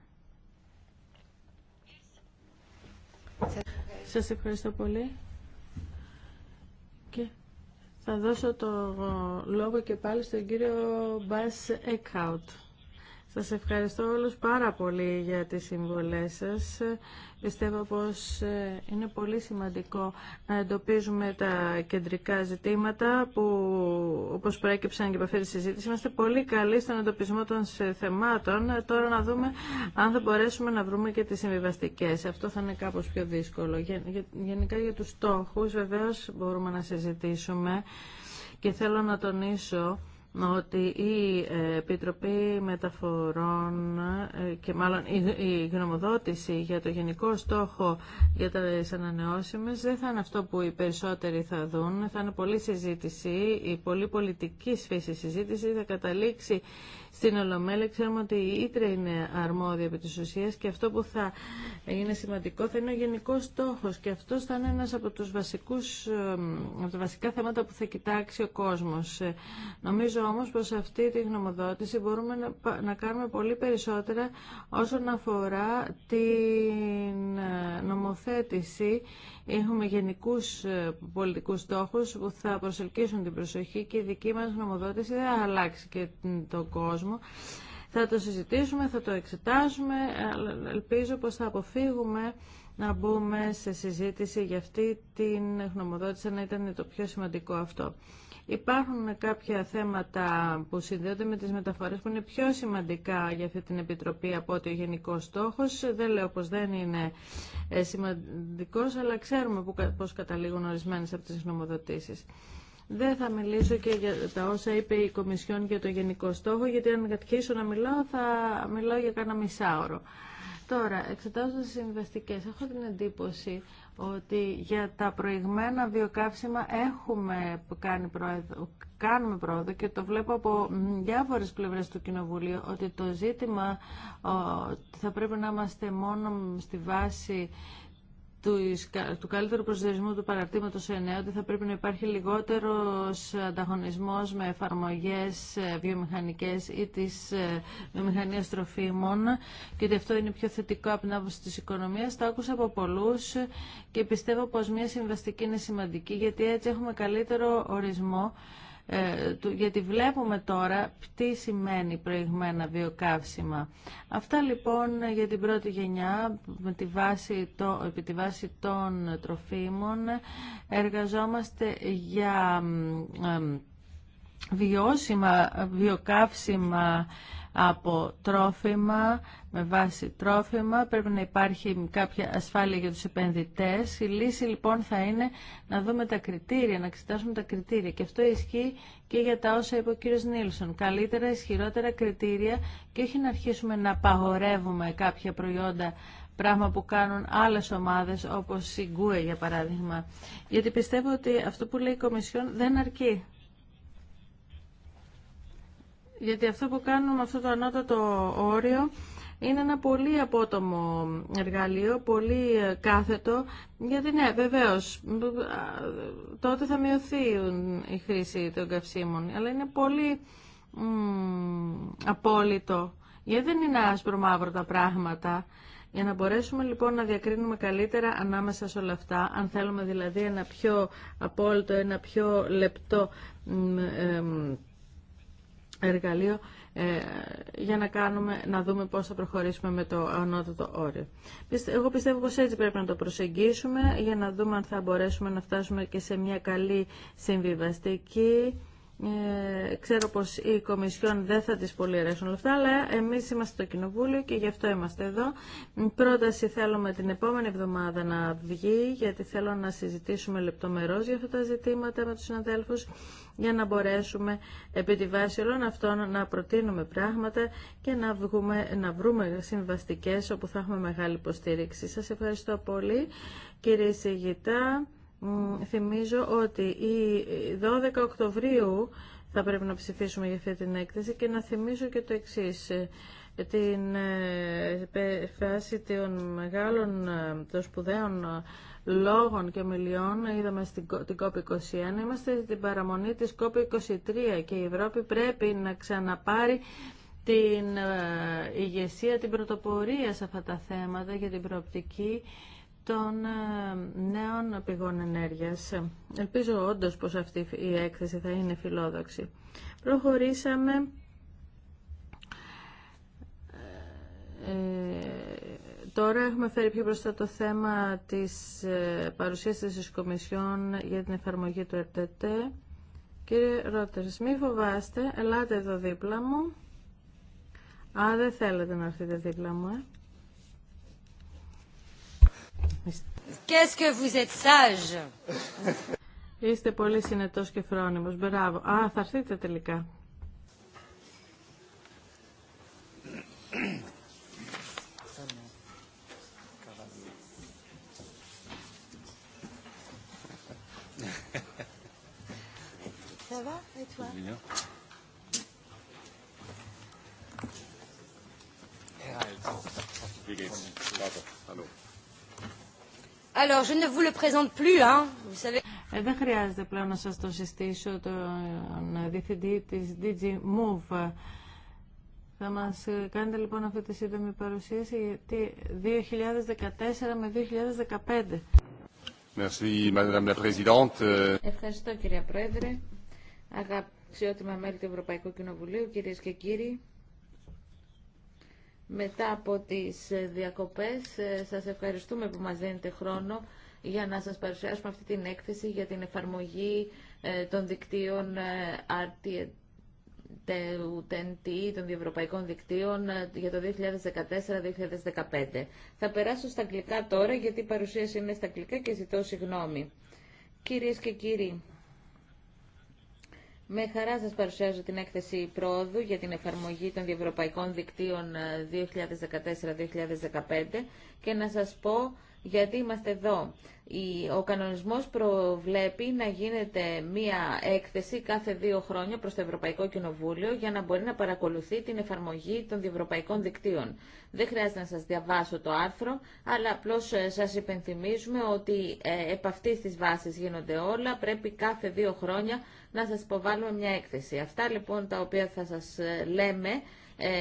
Σας ευχαριστώ πολύ. Και θα δώσω το λόγο και πάλι στον κύριο Μπάς Εκχάουτ. Σας ευχαριστώ όλους πάρα πολύ για τις συμβολές σας. Πιστεύω πως ε, είναι πολύ σημαντικό να εντοπίζουμε τα κεντρικά ζητήματα που, όπως προέκυψαν και από αυτή τη συζήτηση, είμαστε πολύ καλοί στον εντοπισμό των θεμάτων. Ε, τώρα να δούμε αν θα μπορέσουμε να βρούμε και τις συμβιβαστικέ. Αυτό θα είναι κάπως πιο δύσκολο. Γενικά για τους στόχους βεβαίως μπορούμε να συζητήσουμε και θέλω να τονίσω ότι η Επιτροπή Μεταφορών ε, και μάλλον η γνωμοδότηση για το γενικό στόχο για τα ανανεώσιμες δεν θα είναι αυτό που οι περισσότεροι θα δουν. Θα είναι πολλή συζήτηση, η πολύ πολιτική φύση συζήτηση θα καταλήξει στην Ολομέλεια. Ξέρουμε ότι η Ήτρε είναι αρμόδια επί της ουσίας και αυτό που θα είναι σημαντικό θα είναι ο γενικός στόχος και αυτό θα είναι ένας από, τους βασικούς, τα βασικά θέματα που θα κοιτάξει ο κόσμος. Ε, νομίζω όμως πως αυτή τη γνωμοδότηση μπορούμε να, να κάνουμε πολύ περισσότερα όσον αφορά την ε, νομοθέτηση Έχουμε γενικούς ε, πολιτικού στόχου που θα προσελκύσουν την προσοχή και η δική μα νομοδότηση δεν θα αλλάξει και τον κόσμο. Θα το συζητήσουμε, θα το εξετάσουμε, ελπίζω πως θα αποφύγουμε να μπούμε σε συζήτηση για αυτή την γνωμοδότηση να ήταν το πιο σημαντικό αυτό. Υπάρχουν κάποια θέματα που συνδέονται με τις μεταφορές που είναι πιο σημαντικά για αυτή την Επιτροπή από ότι ο γενικός στόχος. Δεν λέω πως δεν είναι ε, σημαντικός, αλλά ξέρουμε πώς καταλήγουν ορισμένες από τις νομοδοτήσεις. Δεν θα μιλήσω και για τα όσα είπε η Κομισιόν για το γενικό στόχο, γιατί αν αρχίσω να μιλάω θα μιλάω για κάνα μισάωρο. Τώρα, εξετάζοντας τις συμβαστικές, έχω την εντύπωση ότι για τα προηγμένα βιοκαύσιμα έχουμε κάνει πρόεδρο, κάνουμε πρόοδο και το βλέπω από διάφορες πλευρές του Κοινοβουλίου ότι το ζήτημα θα πρέπει να είμαστε μόνο στη βάση του καλύτερου προσδιορισμού του παραρτήματος 9 ότι θα πρέπει να υπάρχει λιγότερο ανταγωνισμό με εφαρμογέ ε, βιομηχανικές ή της ε, βιομηχανία τροφίμων και ότι αυτό είναι πιο θετικό από την άποψη τη οικονομία. Το άκουσα από πολλού και πιστεύω πως μια συμβαστική είναι σημαντική γιατί έτσι έχουμε καλύτερο ορισμό ε, γιατί βλέπουμε τώρα τι σημαίνει προηγμένα βιοκαύσιμα. Αυτά λοιπόν για την πρώτη γενιά, με τη βάση το, επί τη βάση των τροφίμων, εργαζόμαστε για βιώσιμα βιοκαύσιμα από τρόφιμα, με βάση τρόφιμα. Πρέπει να υπάρχει κάποια ασφάλεια για τους επενδυτές. Η λύση λοιπόν θα είναι να δούμε τα κριτήρια, να εξετάσουμε τα κριτήρια. Και αυτό ισχύει και για τα όσα είπε ο κύριος Νίλσον. Καλύτερα, ισχυρότερα κριτήρια και όχι να αρχίσουμε να απαγορεύουμε κάποια προϊόντα πράγμα που κάνουν άλλες ομάδες όπως η Γκουε για παράδειγμα. Γιατί πιστεύω ότι αυτό που λέει η Κομισιόν δεν αρκεί γιατί αυτό που κάνουμε αυτό το ανώτατο όριο είναι ένα πολύ απότομο εργαλείο, πολύ ε, κάθετο, γιατί ναι, βεβαίως, τότε θα μειωθεί η χρήση των καυσίμων, αλλά είναι πολύ απόλυτο, γιατί δεν είναι άσπρο μαύρο τα πράγματα. Για να μπορέσουμε λοιπόν να διακρίνουμε καλύτερα ανάμεσα σε όλα αυτά, αν θέλουμε δηλαδή ένα πιο απόλυτο, ένα πιο λεπτό ε, εργαλείο ε, για να, κάνουμε, να δούμε πώς θα προχωρήσουμε με το ανώτατο όριο. Εγώ πιστεύω πως έτσι πρέπει να το προσεγγίσουμε για να δούμε αν θα μπορέσουμε να φτάσουμε και σε μια καλή συμβιβαστική ε, ξέρω πως η Κομισιόν δεν θα τις πολύ αρέσουν όλα αυτά, αλλά εμείς είμαστε το Κοινοβούλιο και γι' αυτό είμαστε εδώ. Πρόταση θέλουμε την επόμενη εβδομάδα να βγει, γιατί θέλω να συζητήσουμε λεπτομερώς για αυτά τα ζητήματα με τους συναδέλφους, για να μπορέσουμε επί τη βάση όλων αυτών να προτείνουμε πράγματα και να, βγούμε, να βρούμε συμβαστικές όπου θα έχουμε μεγάλη υποστήριξη. Σας ευχαριστώ πολύ κύριε Σιγητά. Θυμίζω ότι η 12 Οκτωβρίου θα πρέπει να ψηφίσουμε για αυτή την έκθεση και να θυμίσω και το εξής την ε, φάση των μεγάλων, ε, των σπουδαίων ε, λόγων και ομιλιών είδαμε στην, την COP21. Είμαστε στην παραμονή της COP23 και η Ευρώπη πρέπει να ξαναπάρει την ηγεσία, την πρωτοπορία σε αυτά τα θέματα για την προοπτική των ε, νέων πηγών ενέργειας. Ελπίζω όντως πως αυτή η έκθεση θα είναι φιλόδοξη. Προχωρήσαμε ε, Τώρα έχουμε φέρει πιο μπροστά το θέμα της ε, παρουσίασης της Κομισιόν για την εφαρμογή του ΕΤΤ. Κύριε Ρότερς, μη φοβάστε, ελάτε εδώ δίπλα μου. Α, δεν θέλετε να έρθετε δίπλα μου, Είστε πολύ συνετός και φρόνιμος. Μπράβο. Α, θα έρθετε τελικά. Ça va Et toi Alors, Ε, δεν χρειάζεται πλέον να σας το συστήσω τον ε, ε, διευθυντή της DG Move. Θα μας ε, κάνετε λοιπόν αυτή τη σύντομη παρουσίαση γιατί 2014 με 2015. Merci, Madame la Ευχαριστώ κυρία Πρόεδρε, αγαπητοί μέλη του Ευρωπαϊκού Κοινοβουλίου, κυρίες και κύριοι μετά από τις διακοπές. Σας ευχαριστούμε που μας δίνετε χρόνο για να σας παρουσιάσουμε αυτή την έκθεση για την εφαρμογή των δικτύων RT των διευρωπαϊκών δικτύων για το 2014-2015. Θα περάσω στα αγγλικά τώρα γιατί η παρουσίαση είναι στα αγγλικά και ζητώ συγγνώμη. Κυρίες και κύριοι, με χαρά σας παρουσιάζω την έκθεση πρόοδου για την εφαρμογή των διευρωπαϊκών δικτύων 2014-2015 ε, και να σας πω γιατί είμαστε εδώ. Ο κανονισμός προβλέπει να γίνεται μία έκθεση κάθε δύο χρόνια προς το Ευρωπαϊκό Κοινοβούλιο για να μπορεί να παρακολουθεί την εφαρμογή των διευρωπαϊκών δικτύων. Δεν χρειάζεται να σας διαβάσω το άρθρο, αλλά απλώς ε, σας υπενθυμίζουμε ότι ε, επ' αυτής της βάσης γίνονται όλα. Πρέπει κάθε δύο χρόνια να σας υποβάλουμε μια έκθεση. Αυτά λοιπόν τα οποία θα σας ε, λέμε ε,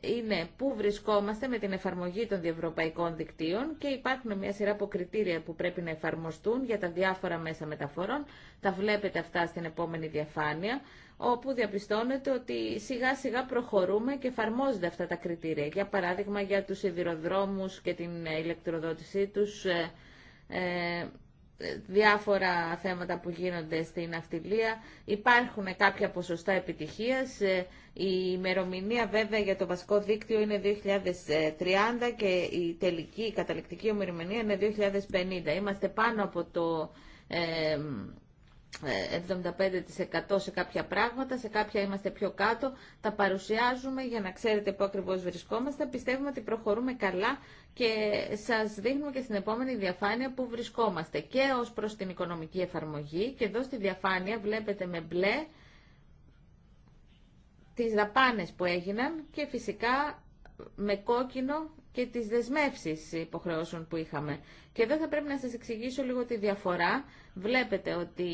είναι πού βρισκόμαστε με την εφαρμογή των διευρωπαϊκών δικτύων και υπάρχουν μια σειρά από κριτήρια που πρέπει να εφαρμοστούν για τα διάφορα μέσα μεταφορών. Τα βλέπετε αυτά στην επόμενη διαφάνεια, όπου διαπιστώνεται ότι σιγά σιγά προχωρούμε και εφαρμόζονται αυτά τα κριτήρια. Για παράδειγμα για τους σιδηροδρόμους και την ηλεκτροδότησή τους, ε, ε διάφορα θέματα που γίνονται στην αυτιλία. Υπάρχουν κάποια ποσοστά επιτυχίας. Ε, η ημερομηνία βέβαια για το βασικό δίκτυο είναι 2030 και η τελική καταληκτική ημερομηνία είναι 2050. Είμαστε πάνω από το ε, 75% σε κάποια πράγματα, σε κάποια είμαστε πιο κάτω, τα παρουσιάζουμε για να ξέρετε πού ακριβώ βρισκόμαστε. Πιστεύουμε ότι προχωρούμε καλά και σας δείχνουμε και στην επόμενη διαφάνεια που βρισκόμαστε και ως προς την οικονομική εφαρμογή και εδώ στη διαφάνεια βλέπετε με μπλε τις δαπάνε που έγιναν και φυσικά με κόκκινο και τις δεσμεύσεις υποχρεώσεων που είχαμε. Και εδώ θα πρέπει να σας εξηγήσω λίγο τη διαφορά. Βλέπετε ότι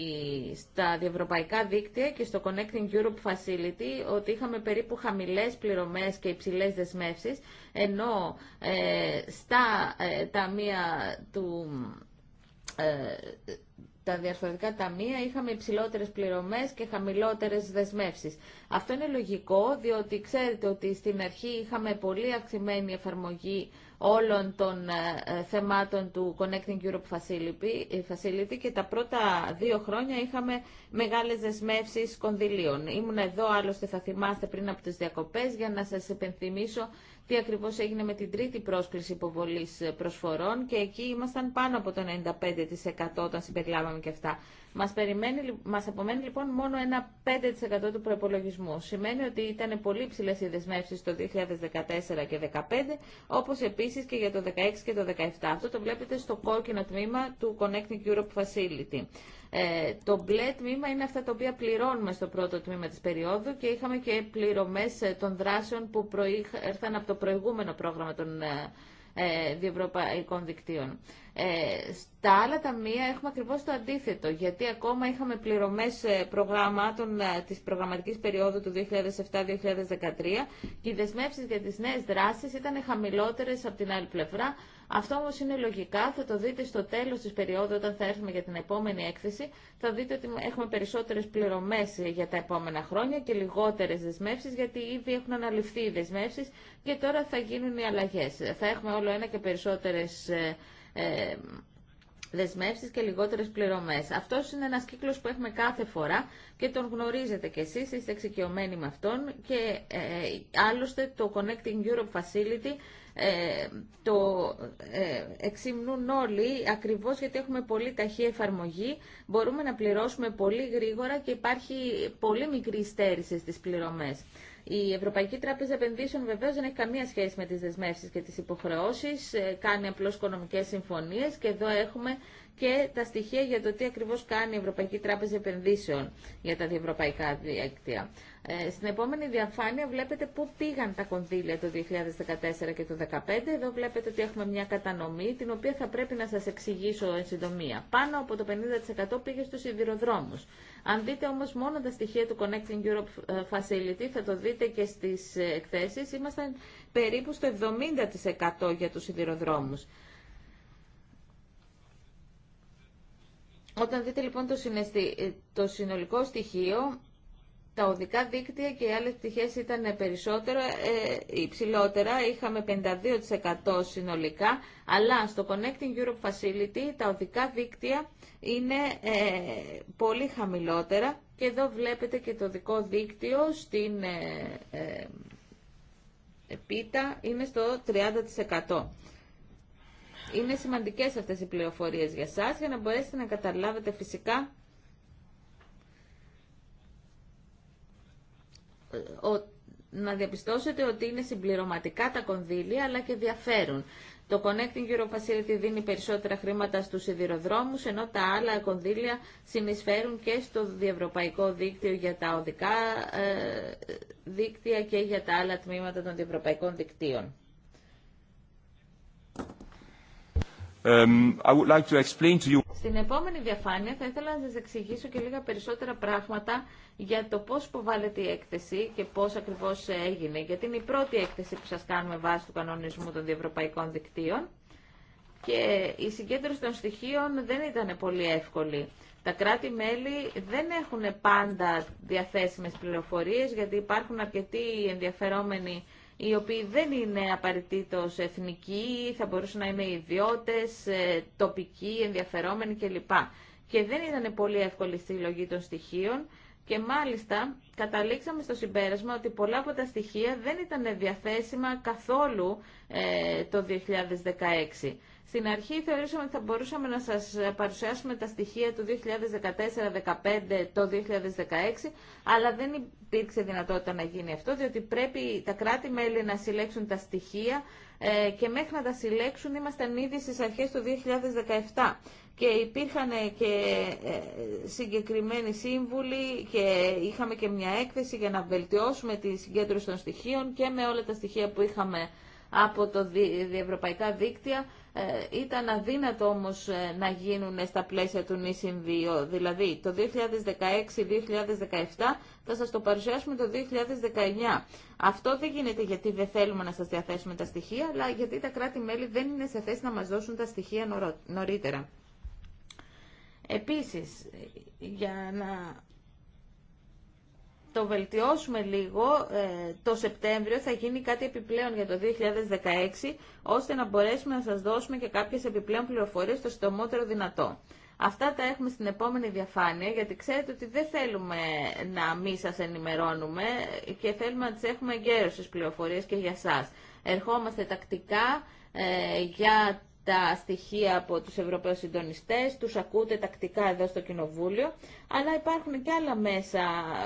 στα διευρωπαϊκά δίκτυα και στο Connecting Europe Facility ότι είχαμε περίπου χαμηλές πληρωμές και υψηλές δεσμεύσεις, ενώ ε, στα ε, ταμεία του ε, τα τα ταμεία είχαμε υψηλότερες πληρωμές και χαμηλότερες δεσμεύσεις. Αυτό είναι λογικό, διότι ξέρετε ότι στην αρχή είχαμε πολύ αυξημένη εφαρμογή όλων των ε, ε, θεμάτων του Connecting Europe ε, Facility και τα πρώτα δύο χρόνια είχαμε μεγάλες δεσμεύσεις κονδυλίων. Ήμουν εδώ, άλλωστε θα θυμάστε πριν από τις διακοπές, για να σας επενθυμίσω τι ακριβώ έγινε με την τρίτη πρόσκληση υποβολή ε, προσφορών και εκεί ήμασταν πάνω από το 95% όταν συμπεριλάβαμε και αυτά. Μας, μας απομένει λοιπόν μόνο ένα 5% του προπολογισμού. Σημαίνει ότι ήταν πολύ ψηλε οι δεσμεύσει το 2014 και 2015, όπως επίσης και για το 2016 και το 2017. Αυτό το βλέπετε στο κόκκινο τμήμα του Connecting Europe Facility. Ε, το μπλε τμήμα είναι αυτά τα οποία πληρώνουμε στο πρώτο τμήμα της περίοδου και είχαμε και πληρωμές ε, των δράσεων που έρθαν από το προηγούμενο πρόγραμμα των ε, ε διευρωπαϊκών δικτύων. Ε, στα άλλα ταμεία έχουμε ακριβώς το αντίθετο, γιατί ακόμα είχαμε πληρωμές ε, προγραμμάτων ε, της προγραμματικής περίοδου του 2007-2013 και οι δεσμεύσεις για τις νέες δράσεις ήταν χαμηλότερες από την άλλη πλευρά. Αυτό όμως είναι λογικά, θα το δείτε στο τέλος της περίοδου όταν θα έρθουμε για την επόμενη έκθεση, θα δείτε ότι έχουμε περισσότερες πληρωμές ε, για τα επόμενα χρόνια και λιγότερες δεσμεύσεις, γιατί ήδη έχουν αναλυφθεί οι δεσμεύσεις και τώρα θα γίνουν οι αλλαγές. Θα έχουμε όλο ένα και περισσότερες ε, δεσμεύσεις και λιγότερες πληρωμές. Αυτός είναι ένας κύκλος που έχουμε κάθε φορά και τον γνωρίζετε κι εσείς, είστε εξοικειωμένοι με αυτόν και ε, άλλωστε το Connecting Europe Facility ε, το ε, εξυμνούν όλοι ακριβώς γιατί έχουμε πολύ ταχύ εφαρμογή, μπορούμε να πληρώσουμε πολύ γρήγορα και υπάρχει πολύ μικρή στέρηση στις πληρωμές. Η Ευρωπαϊκή Τράπεζα Επενδύσεων βεβαίω δεν έχει καμία σχέση με τι δεσμεύσει και τι υποχρεώσει. Ε, κάνει απλώ οικονομικέ συμφωνίε και εδώ έχουμε και τα στοιχεία για το τι ακριβώ κάνει η Ευρωπαϊκή Τράπεζα Επενδύσεων για τα διευρωπαϊκά δίκτυα. Ε, στην επόμενη διαφάνεια βλέπετε πού πήγαν τα κονδύλια το 2014 και το 2015. Εδώ βλέπετε ότι έχουμε μια κατανομή, την οποία θα πρέπει να σας εξηγήσω εν συντομία. Πάνω από το 50% πήγε στους σιδηροδρόμους. Αν δείτε όμως μόνο τα στοιχεία του Connecting Europe ε, Facility, θα το δείτε και στις ε, εκθέσεις, ήμασταν περίπου στο 70% για τους σιδηροδρόμους. Όταν δείτε λοιπόν το συνολικό στοιχείο, τα οδικά δίκτυα και οι άλλες πτυχές ήταν περισσότερο, ε, υψηλότερα, είχαμε 52% συνολικά, αλλά στο Connecting Europe Facility τα οδικά δίκτυα είναι ε, πολύ χαμηλότερα και εδώ βλέπετε και το δικό δίκτυο στην ε, ε πίτα είναι στο 30%. Είναι σημαντικές αυτές οι πληροφορίες για σας για να μπορέσετε να καταλάβετε φυσικά να διαπιστώσετε ότι είναι συμπληρωματικά τα κονδύλια αλλά και διαφέρουν. Το Connecting Euro Facility δίνει περισσότερα χρήματα στους σιδηροδρόμους, ενώ τα άλλα κονδύλια συνεισφέρουν και στο διευρωπαϊκό δίκτυο για τα οδικά ε, δίκτυα και για τα άλλα τμήματα των διευρωπαϊκών δικτύων. Um, Στην επόμενη διαφάνεια θα ήθελα να σας εξηγήσω και λίγα περισσότερα πράγματα για το πώς υποβάλλεται η έκθεση και πώς ακριβώς έγινε. Γιατί είναι η πρώτη έκθεση που σας κάνουμε βάσει του κανονισμού των διευρωπαϊκών δικτύων και η συγκέντρωση των στοιχείων δεν ήταν πολύ εύκολη. Τα κράτη-μέλη δεν έχουν πάντα διαθέσιμες πληροφορίες γιατί υπάρχουν αρκετοί ενδιαφερόμενοι οι οποίοι δεν είναι απαραίτητο εθνικοί, θα μπορούσαν να είναι ιδιώτες, ε, τοπικοί, ενδιαφερόμενοι κλπ. Και δεν ήταν πολύ εύκολη στη συλλογή των στοιχείων και μάλιστα καταλήξαμε στο συμπέρασμα ότι πολλά από τα στοιχεία δεν ήταν διαθέσιμα καθόλου ε, το 2016. Στην αρχή θεωρήσαμε ότι θα μπορούσαμε να σας παρουσιάσουμε τα στοιχεία του 2014-2015, το 2016, αλλά δεν υπήρξε δυνατότητα να γίνει αυτό, διότι πρέπει τα κράτη-μέλη να συλλέξουν τα στοιχεία ε, και μέχρι να τα συλλέξουν ήμασταν ήδη στις αρχές του 2017 και υπήρχαν ε, και ε, συγκεκριμένοι σύμβουλοι και είχαμε και μια έκθεση για να βελτιώσουμε τη συγκέντρωση των στοιχείων και με όλα τα στοιχεία που είχαμε από τα διευρωπαϊκά δίκτυα ε, ήταν αδύνατο όμως ε, να γίνουν στα πλαίσια του νησιν Δηλαδή το 2016-2017 θα σας το παρουσιάσουμε το 2019. Αυτό δεν γίνεται γιατί δεν θέλουμε να σας διαθέσουμε τα στοιχεία, αλλά γιατί τα κράτη-μέλη δεν είναι σε θέση να μας δώσουν τα στοιχεία νωρίτερα. Επίσης, για να το βελτιώσουμε λίγο, ε, το Σεπτέμβριο θα γίνει κάτι επιπλέον για το 2016, ώστε να μπορέσουμε να σας δώσουμε και κάποιες επιπλέον πληροφορίες το συντομότερο δυνατό. Αυτά τα έχουμε στην επόμενη διαφάνεια, γιατί ξέρετε ότι δεν θέλουμε να μη σας ενημερώνουμε και θέλουμε να τις έχουμε εγκαίρωσες πληροφορίες και για σας. Ερχόμαστε τακτικά ε, για τα στοιχεία από τους Ευρωπαίους συντονιστές, τους ακούτε τακτικά εδώ στο Κοινοβούλιο, αλλά υπάρχουν και άλλα μέσα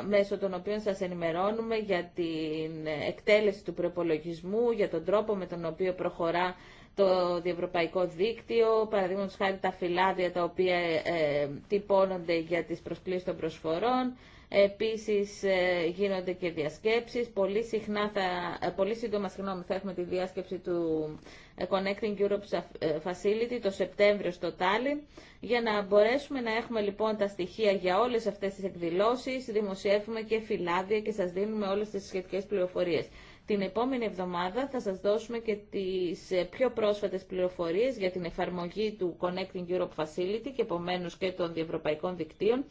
μέσω των οποίων σας ενημερώνουμε για την εκτέλεση του προπολογισμού, για τον τρόπο με τον οποίο προχωρά το διευρωπαϊκό δίκτυο, παραδείγματος χάρη τα φυλάδια τα οποία ε, τυπώνονται για τις προσκλήσεις των προσφορών, Επίσης ε, γίνονται και διασκέψεις. Πολύ, συχνά θα, ε, πολύ σύντομα συγγνώμη, θα έχουμε τη διάσκεψη του ε, Connecting Europe Facility το Σεπτέμβριο στο Τάλι. για να μπορέσουμε να έχουμε λοιπόν τα στοιχεία για όλες αυτές τις εκδηλώσεις. Δημοσιεύουμε και φυλάδια και σας δίνουμε όλες τις σχετικές πληροφορίες. Την επόμενη εβδομάδα θα σας δώσουμε και τις πιο πρόσφατες πληροφορίες για την εφαρμογή του Connecting Europe Facility και επομένως και των διευρωπαϊκών δικτύων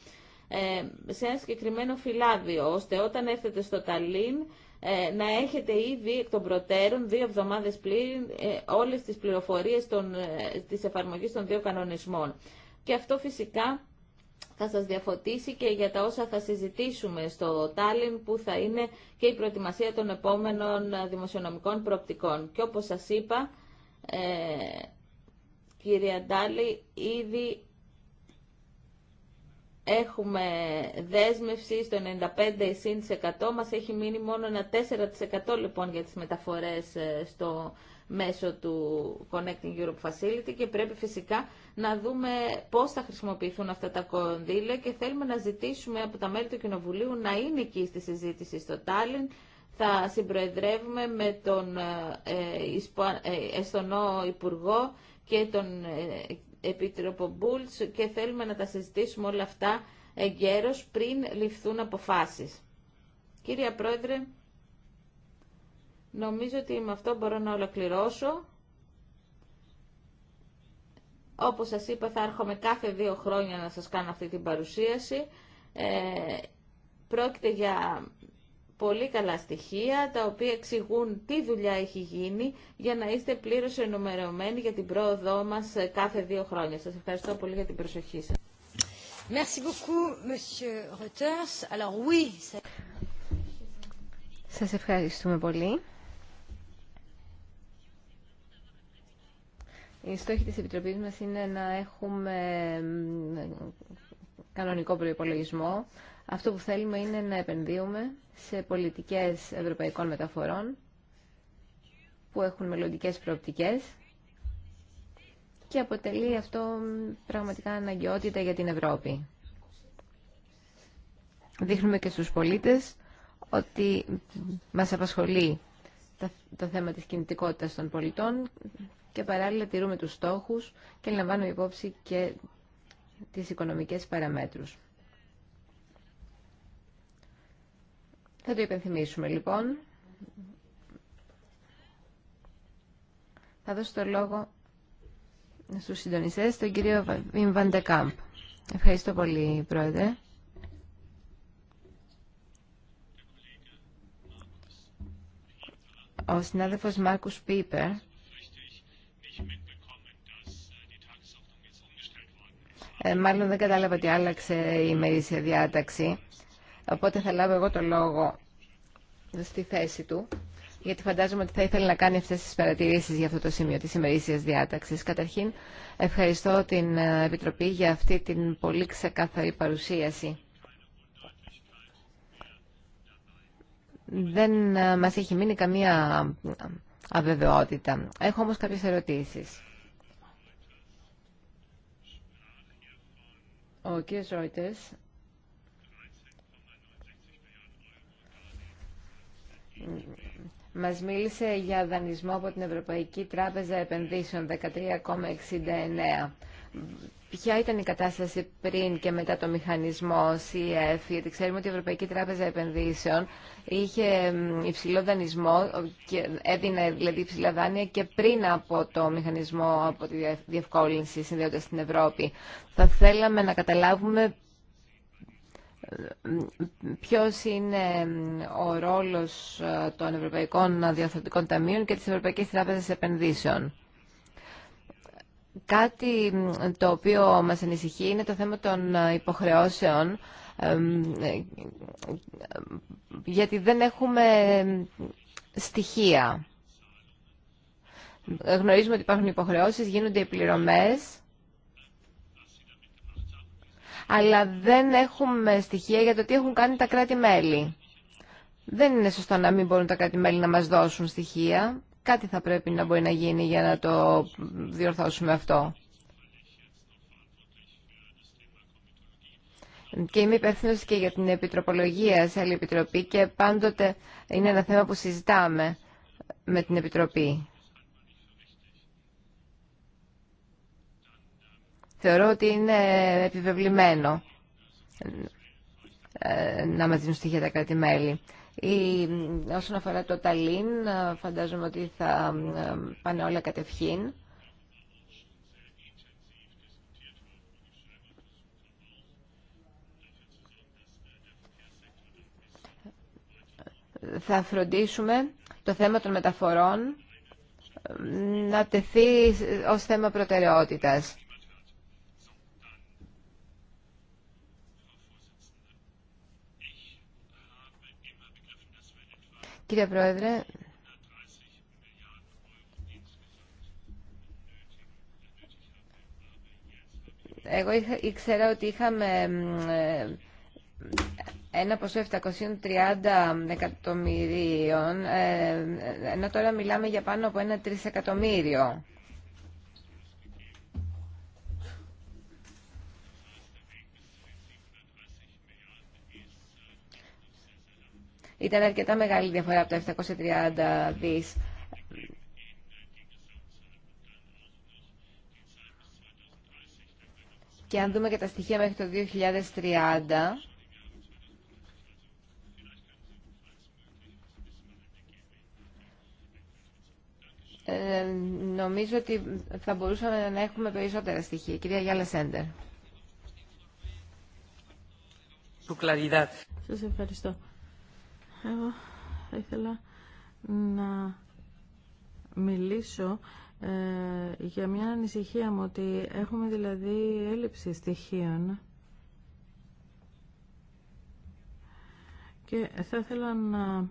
ε, σε ένα συγκεκριμένο φυλάδιο, ώστε όταν έρθετε στο Ταλίν ε, να έχετε ήδη εκ των προτέρων δύο εβδομάδες πλήρη ε, όλες τις πληροφορίες των, της εφαρμογής των δύο κανονισμών. Και αυτό φυσικά θα σας διαφωτίσει και για τα όσα θα συζητήσουμε στο Τάλιν που θα είναι και η προετοιμασία των επόμενων δημοσιονομικών προοπτικών. Και όπως σας είπα, ε, κύριε Αντάλη, ήδη έχουμε δέσμευση στο 95% μας έχει μείνει μόνο ένα 4% λοιπόν για τις μεταφορές ε, στο μέσο του Connecting Europe Facility και πρέπει φυσικά να δούμε πώς θα χρησιμοποιηθούν αυτά τα κονδύλια και θέλουμε να ζητήσουμε από τα μέλη του Κοινοβουλίου να είναι εκεί στη συζήτηση στο Τάλιν. Θα συμπροεδρεύουμε με τον ε, ε, Εστονό Υπουργό και τον Επίτροπο Μπούλτς και θέλουμε να τα συζητήσουμε όλα αυτά εγκαίρως πριν ληφθούν αποφάσεις. Κύριε Πρόεδρε, νομίζω ότι με αυτό μπορώ να ολοκληρώσω. Όπως σας είπα θα έρχομαι κάθε δύο χρόνια να σας κάνω αυτή την παρουσίαση. Ε, πρόκειται για πολύ καλά στοιχεία, τα οποία εξηγούν τι δουλειά έχει γίνει, για να είστε πλήρως ενημερωμένοι για την πρόοδό μας κάθε δύο χρόνια. Σας ευχαριστώ πολύ για την προσοχή σας. Merci beaucoup, Monsieur Reuters. Alors, oui, ça... Σας ευχαριστούμε πολύ. Η στόχη της Επιτροπής μας είναι να έχουμε κανονικό προϋπολογισμό αυτό που θέλουμε είναι να επενδύουμε σε πολιτικές ευρωπαϊκών μεταφορών που έχουν μελλοντικέ προοπτικές και αποτελεί αυτό πραγματικά αναγκαιότητα για την Ευρώπη. Δείχνουμε και στους πολίτες ότι μας απασχολεί το θέμα της κινητικότητας των πολιτών και παράλληλα τηρούμε τους στόχους και λαμβάνουμε υπόψη και τις οικονομικές παραμέτρους. Θα το υπενθυμίσουμε λοιπόν. Θα δώσω το λόγο στους συντονιστέ, τον κύριο Βιμ Ευχαριστώ πολύ, Πρόεδρε. Ο συνάδελφος Μάρκους Πίπερ ε, μάλλον δεν κατάλαβα ότι άλλαξε η ημερήσια διάταξη Οπότε θα λάβω εγώ το λόγο στη θέση του, γιατί φαντάζομαι ότι θα ήθελε να κάνει αυτές τις παρατηρήσεις για αυτό το σημείο της ημερήσιας διάταξης. Καταρχήν, ευχαριστώ την ε, Επιτροπή για αυτή την πολύ ξεκάθαρη παρουσίαση. Δεν ε, μας έχει μείνει καμία ε, αβεβαιότητα. Έχω όμως κάποιες ερωτήσεις. Ο κ. μας μίλησε για δανεισμό από την Ευρωπαϊκή Τράπεζα Επενδύσεων 13,69. Ποια ήταν η κατάσταση πριν και μετά το μηχανισμό CF? γιατί ξέρουμε ότι η Ευρωπαϊκή Τράπεζα Επενδύσεων είχε υψηλό δανεισμό, και έδινε δηλαδή υψηλά δάνεια και πριν από το μηχανισμό από τη διευκόλυνση συνδέοντας στην Ευρώπη. Θα θέλαμε να καταλάβουμε ποιος είναι ο ρόλος ε, των Ευρωπαϊκών Διαφορετικών Ταμείων και της Ευρωπαϊκής Τράπεζας Επενδύσεων. Κάτι το οποίο μας ανησυχεί είναι το θέμα των ε, υποχρεώσεων ε, γιατί δεν έχουμε στοιχεία. Γνωρίζουμε ότι υπάρχουν υποχρεώσεις, γίνονται οι αλλά δεν έχουμε στοιχεία για το τι έχουν κάνει τα κράτη-μέλη. Δεν είναι σωστό να μην μπορούν τα κράτη-μέλη να μας δώσουν στοιχεία. Κάτι θα πρέπει να μπορεί να γίνει για να το διορθώσουμε αυτό. και είμαι υπεύθυνο και για την επιτροπολογία σε άλλη επιτροπή και πάντοτε είναι ένα θέμα που συζητάμε με την Επιτροπή. θεωρώ ότι είναι επιβεβλημένο ε, να μας δίνουν στοιχεία τα κράτη-μέλη. Όσον αφορά το Ταλίν, ε, φαντάζομαι ότι θα ε, πάνε όλα κατευχήν. Θα φροντίσουμε το θέμα των μεταφορών να τεθεί ως θέμα προτεραιότητας. Κύριε Πρόεδρε, εγώ ήξερα ότι είχαμε ε, ένα ποσό 730 εκατομμυρίων, ε, ενώ τώρα μιλάμε για πάνω από ένα τρισεκατομμύριο. Ήταν αρκετά μεγάλη διαφορά από τα 730 δις. Και αν δούμε και τα στοιχεία μέχρι το 2030, ε, νομίζω ότι θα μπορούσαμε να έχουμε περισσότερα στοιχεία. Κυρία Γιάλα Σέντερ. Σας ευχαριστώ. Εγώ θα ήθελα να μιλήσω ε, για μια ανησυχία μου ότι έχουμε δηλαδή έλλειψη στοιχείων και θα ήθελα να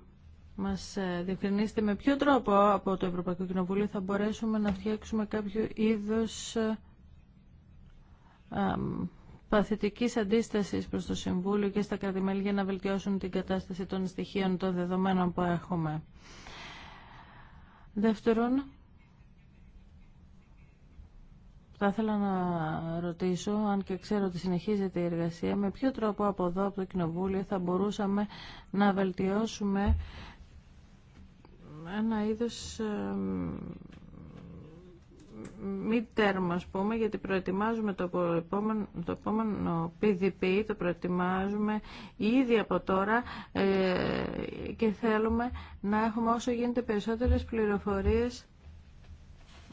μας διευκρινίσετε με ποιο τρόπο από το Ευρωπαϊκό Κοινοβούλιο θα μπορέσουμε να φτιάξουμε κάποιο είδος ε, ε, παθητικής αντίστασης προς το Συμβούλιο και στα κρατημέλη για να βελτιώσουν την κατάσταση των στοιχείων των δεδομένων που έχουμε. Δεύτερον, θα ήθελα να ρωτήσω, αν και ξέρω ότι συνεχίζεται η εργασία, με ποιο τρόπο από εδώ, από το Κοινοβούλιο, θα μπορούσαμε να βελτιώσουμε ένα είδος μη τέρμα, ας πούμε, γιατί προετοιμάζουμε το επόμενο, το επόμενο PDP, το προετοιμάζουμε ήδη από τώρα ε, και θέλουμε να έχουμε όσο γίνεται περισσότερες πληροφορίες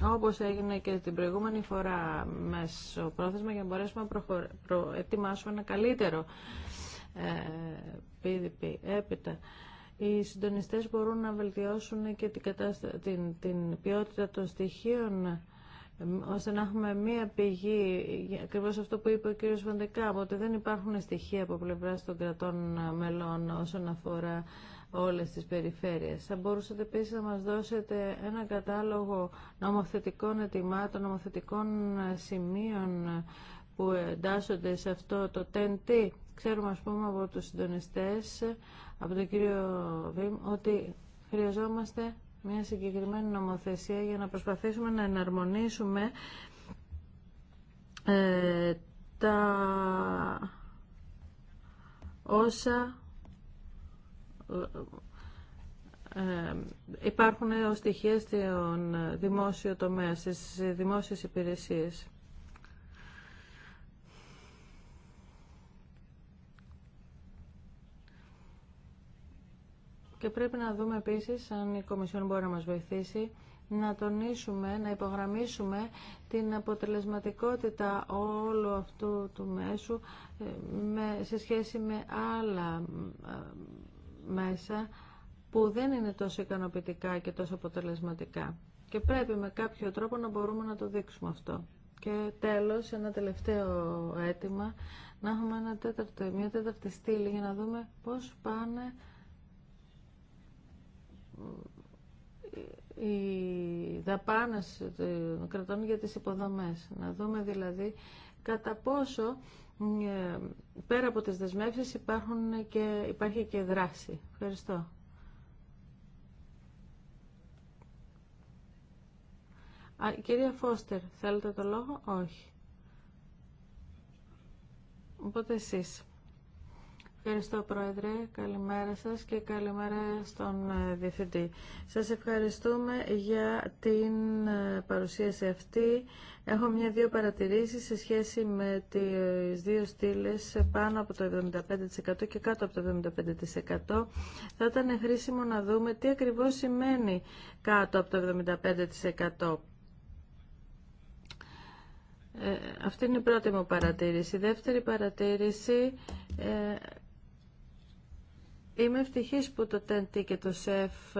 όπως έγινε και την προηγούμενη φορά μέσω πρόθεσμα για να μπορέσουμε να προετοιμάσουμε ένα καλύτερο ε, PDP. Έπειτα, οι συντονιστές μπορούν να βελτιώσουν και την, την, την ποιότητα των στοιχείων ώστε να έχουμε μία πηγή, ακριβώ αυτό που είπε ο κύριος Βαντεκά, ότι δεν υπάρχουν στοιχεία από πλευρά των κρατών μελών όσον αφορά όλες τις περιφέρειες. Θα μπορούσατε επίση να μας δώσετε ένα κατάλογο νομοθετικών ετοιμάτων, νομοθετικών σημείων που εντάσσονται σε αυτό το TNT. Ξέρουμε ας πούμε από τους συντονιστές, από τον κύριο Βήμ, ότι χρειαζόμαστε μια συγκεκριμένη νομοθεσία για να προσπαθήσουμε να εναρμονίσουμε ε, τα όσα ε, ε υπάρχουν ως στοιχεία στον δημόσιο τομέα, στις δημόσιες υπηρεσίες. Και πρέπει να δούμε επίσης αν η Κομισιόν μπορεί να μας βοηθήσει να τονίσουμε, να υπογραμμίσουμε την αποτελεσματικότητα όλου αυτού του μέσου ε, σε σχέση με άλλα ε, μέσα που δεν είναι τόσο ικανοποιητικά και τόσο αποτελεσματικά. Και πρέπει με κάποιο τρόπο να μπορούμε να το δείξουμε αυτό. Και τέλος, ένα τελευταίο αίτημα, να έχουμε μια τέταρτη στήλη για να δούμε πώς πάνε οι δαπάνες των κρατών για τις υποδομές. Να δούμε δηλαδή κατά πόσο ε, πέρα από τις δεσμεύσεις υπάρχουν και, υπάρχει και δράση. Ευχαριστώ. Α, κυρία Φώστερ, θέλετε το λόγο? Όχι. Οπότε εσείς. Ευχαριστώ Πρόεδρε, καλημέρα σας και καλημέρα στον ε, Διευθυντή. Σας ευχαριστούμε για την ε, παρουσίαση αυτή. Έχω μια-δύο παρατηρήσεις σε σχέση με τις δύο στήλες πάνω από το 75% και κάτω από το 75%. Θα ήταν χρήσιμο να δούμε τι ακριβώς σημαίνει κάτω από το 75%. Ε, αυτή είναι η πρώτη μου παρατήρηση. Η δεύτερη παρατήρηση ε, Είμαι ευτυχής που το ΤΕΝΤΗ και το ΣΕΦ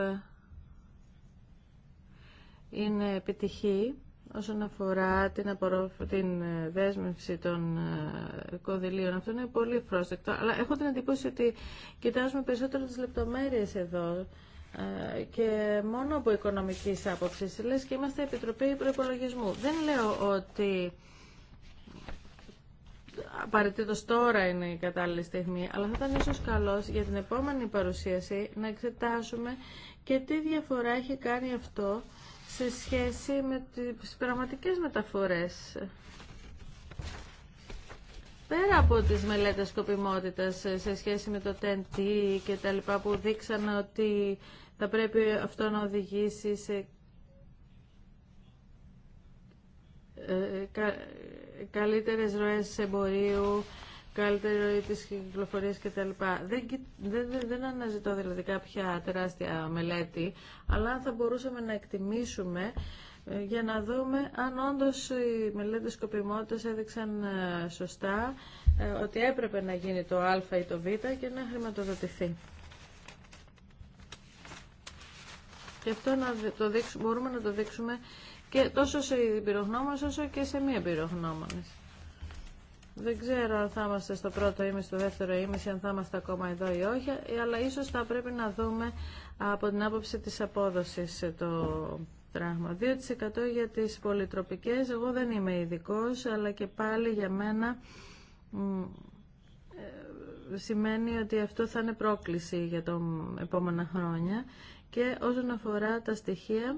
είναι επιτυχή όσον αφορά την, την ε, δέσμευση των ε, κονδυλίων. Αυτό είναι πολύ φρόστεκτο, αλλά έχω την εντύπωση ότι κοιτάζουμε περισσότερο τις λεπτομέρειες εδώ ε, και μόνο από οικονομικής άποψης. Λες και είμαστε Επιτροπή Προϋπολογισμού. Δεν λέω ότι απαραίτητο τώρα είναι η κατάλληλη στιγμή, αλλά θα ήταν ίσω καλός για την επόμενη παρουσίαση να εξετάσουμε και τι διαφορά έχει κάνει αυτό σε σχέση με τις πραγματικές μεταφορές. Πέρα από τις μελέτες σκοπιμότητας σε σχέση με το TNT και τα λοιπά που δείξαν ότι θα πρέπει αυτό να οδηγήσει σε ε, καλύτερες ροές εμπορίου, καλύτερη ροή της κυκλοφορίας κτλ. Δεν, δεν, δεν αναζητώ δηλαδή κάποια τεράστια μελέτη, αλλά θα μπορούσαμε να εκτιμήσουμε ε, για να δούμε αν όντως οι μελέτες σκοπιμότητας έδειξαν ε, σωστά ε, ότι έπρεπε να γίνει το α ή το β και να χρηματοδοτηθεί. Και αυτό να το δείξουμε, μπορούμε να το δείξουμε και τόσο σε εμπειρογνώμονες όσο και σε μη εμπειρογνώμονες. Δεν ξέρω αν θα είμαστε στο πρώτο ήμιση, στο δεύτερο ήμιση, αν θα είμαστε ακόμα εδώ ή όχι, αλλά ίσως θα πρέπει να δούμε από την άποψη της απόδοσης το πράγμα. 2% για τις πολυτροπικές, εγώ δεν είμαι ειδικό, αλλά και πάλι για μένα ε, σημαίνει ότι αυτό θα είναι πρόκληση για τα επόμενα χρόνια. Και όσον αφορά τα στοιχεία,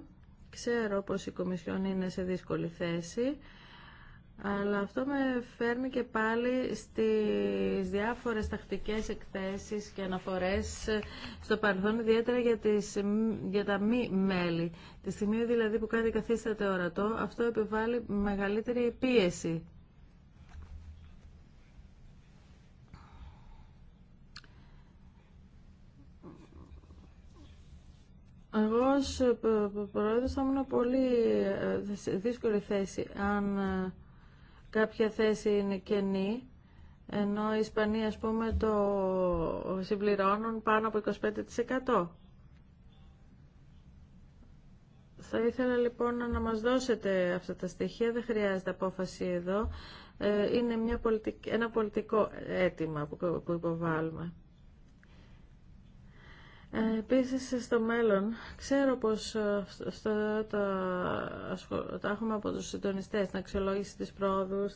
Ξέρω πως η Κομισιόν είναι σε δύσκολη θέση, αλλά αυτό με φέρνει και πάλι στις διάφορες τακτικές εκθέσεις και αναφορές στο παρελθόν, ιδιαίτερα για, τις, για τα μη μέλη. Τη στιγμή δηλαδή που κάτι καθίσταται ορατό, αυτό επιβάλλει μεγαλύτερη πίεση Εγώ ως ε, πρόεδρος θα ήμουν πολύ ε, δύσκολη θέση αν ε, κάποια θέση είναι κενή ενώ οι Ισπανοί ας πούμε το συμπληρώνουν πάνω από 25%. Θα ήθελα λοιπόν να μας δώσετε αυτά τα στοιχεία, δεν χρειάζεται απόφαση εδώ. Είναι μια ένα πολιτικό αίτημα που υποβάλλουμε. Ε, Επίση στο μέλλον, ξέρω πως ε, τα, τα έχουμε από του συντονιστέ, την αξιολόγηση της πρόοδου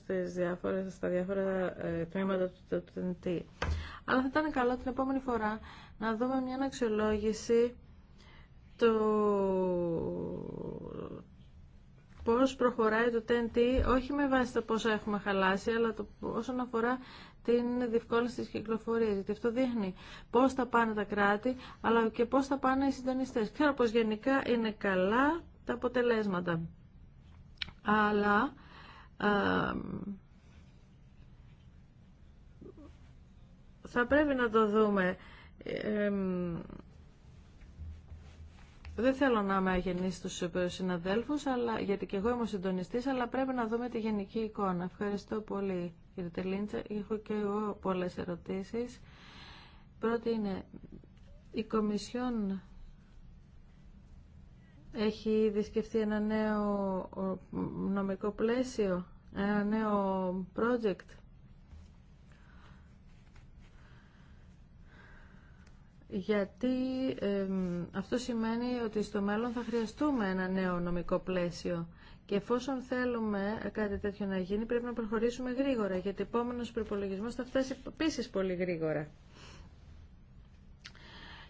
στα διάφορα ε, τμήματα του TNT. Αλλά θα ήταν καλό την επόμενη φορά να δούμε μια αξιολόγηση του πώς προχωράει το ΤΕΝΤΗ, όχι με βάση το πόσο έχουμε χαλάσει, αλλά το όσον αφορά την διευκόλυνση της κυκλοφορίας. Γιατί αυτό δείχνει πώς θα πάνε τα κράτη, αλλά και πώς θα πάνε οι συντονιστές. Ξέρω πως γενικά είναι καλά τα αποτελέσματα. Αλλά... θα πρέπει να το δούμε. δεν θέλω να είμαι αγενής στους συναδέλφους, γιατί και εγώ είμαι συντονιστής, αλλά πρέπει να δούμε τη γενική εικόνα. Ευχαριστώ πολύ κύριε Τελίντσα. Έχω και εγώ πολλές ερωτήσεις. Πρώτη είναι, η Κομισιόν έχει ήδη ένα νέο νομικό πλαίσιο, ένα νέο project. Γιατί αυτό σημαίνει ότι στο μέλλον θα χρειαστούμε ένα νέο νομικό πλαίσιο. Και εφόσον θέλουμε κάτι τέτοιο να γίνει, πρέπει να προχωρήσουμε γρήγορα, γιατί ο επόμενο προπολογισμό θα φτάσει επίση πολύ γρήγορα.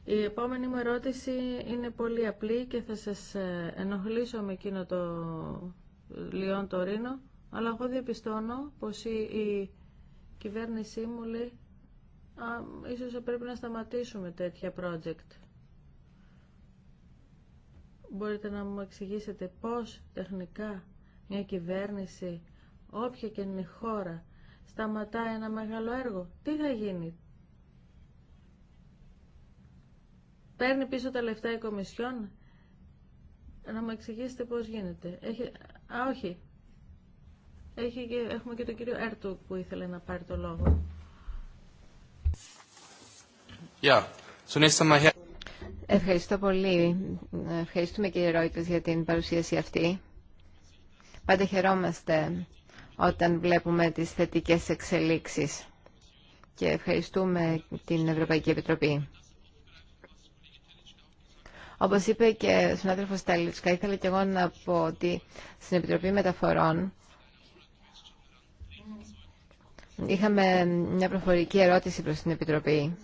Η επόμενη μου ερώτηση είναι πολύ απλή και θα σα ε, ενοχλήσω με εκείνο το ε, Λιόν Τωρίνο, αλλά εγώ διαπιστώνω πως η, κυβέρνησή μου λέει ίσως πρέπει να σταματήσουμε τέτοια project. Μπορείτε να μου εξηγήσετε πώς τεχνικά μια κυβέρνηση, όποια και είναι η χώρα, σταματά ένα μεγάλο έργο. Τι θα γίνει. Παίρνει πίσω τα λεφτά η Κομισιόν. Να μου εξηγήσετε πώς γίνεται. Έχει... Α, όχι. Έχει και... Έχουμε και τον κύριο Έρτου που ήθελε να πάρει το λόγο. Ευχαριστώ πολύ. Ευχαριστούμε κύριε Ρόιτες για την παρουσίαση αυτή. Πάντα χαιρόμαστε όταν βλέπουμε τις θετικές εξελίξεις και ευχαριστούμε την Ευρωπαϊκή Επιτροπή. Όπως είπε και ο συνάδελφος Ταλίτσκα, ήθελα και εγώ να πω ότι στην Επιτροπή Μεταφορών είχαμε μια προφορική ερώτηση προς την Επιτροπή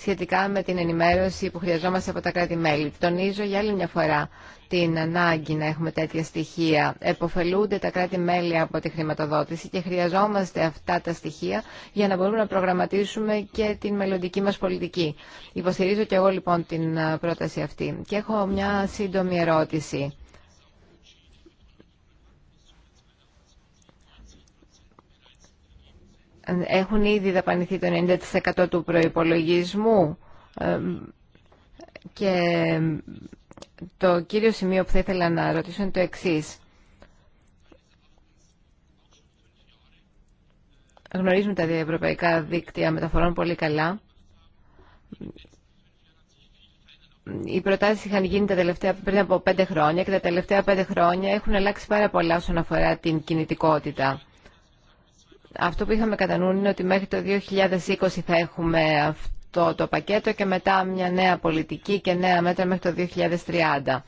σχετικά με την ενημέρωση που χρειαζόμαστε από τα κράτη-μέλη. Τονίζω για άλλη μια φορά την ανάγκη να έχουμε τέτοια στοιχεία. Εποφελούνται τα κράτη-μέλη από τη χρηματοδότηση και χρειαζόμαστε αυτά τα στοιχεία για να μπορούμε να προγραμματίσουμε και την μελλοντική μας πολιτική. Υποστηρίζω και εγώ λοιπόν την πρόταση αυτή. Και έχω μια σύντομη ερώτηση. Έχουν ήδη δαπανηθεί το 90% του προϋπολογισμού ε, και το κύριο σημείο που θα ήθελα να ρωτήσω είναι το εξής. Γνωρίζουμε τα διευρωπαϊκά δίκτυα μεταφορών πολύ καλά. Οι προτάσεις είχαν γίνει τα τελευταία, πριν από πέντε χρόνια και τα τελευταία πέντε χρόνια έχουν αλλάξει πάρα πολλά όσον αφορά την κινητικότητα. Αυτό που είχαμε κατά νου είναι ότι μέχρι το 2020 θα έχουμε αυτό το πακέτο και μετά μια νέα πολιτική και νέα μέτρα μέχρι το 2030.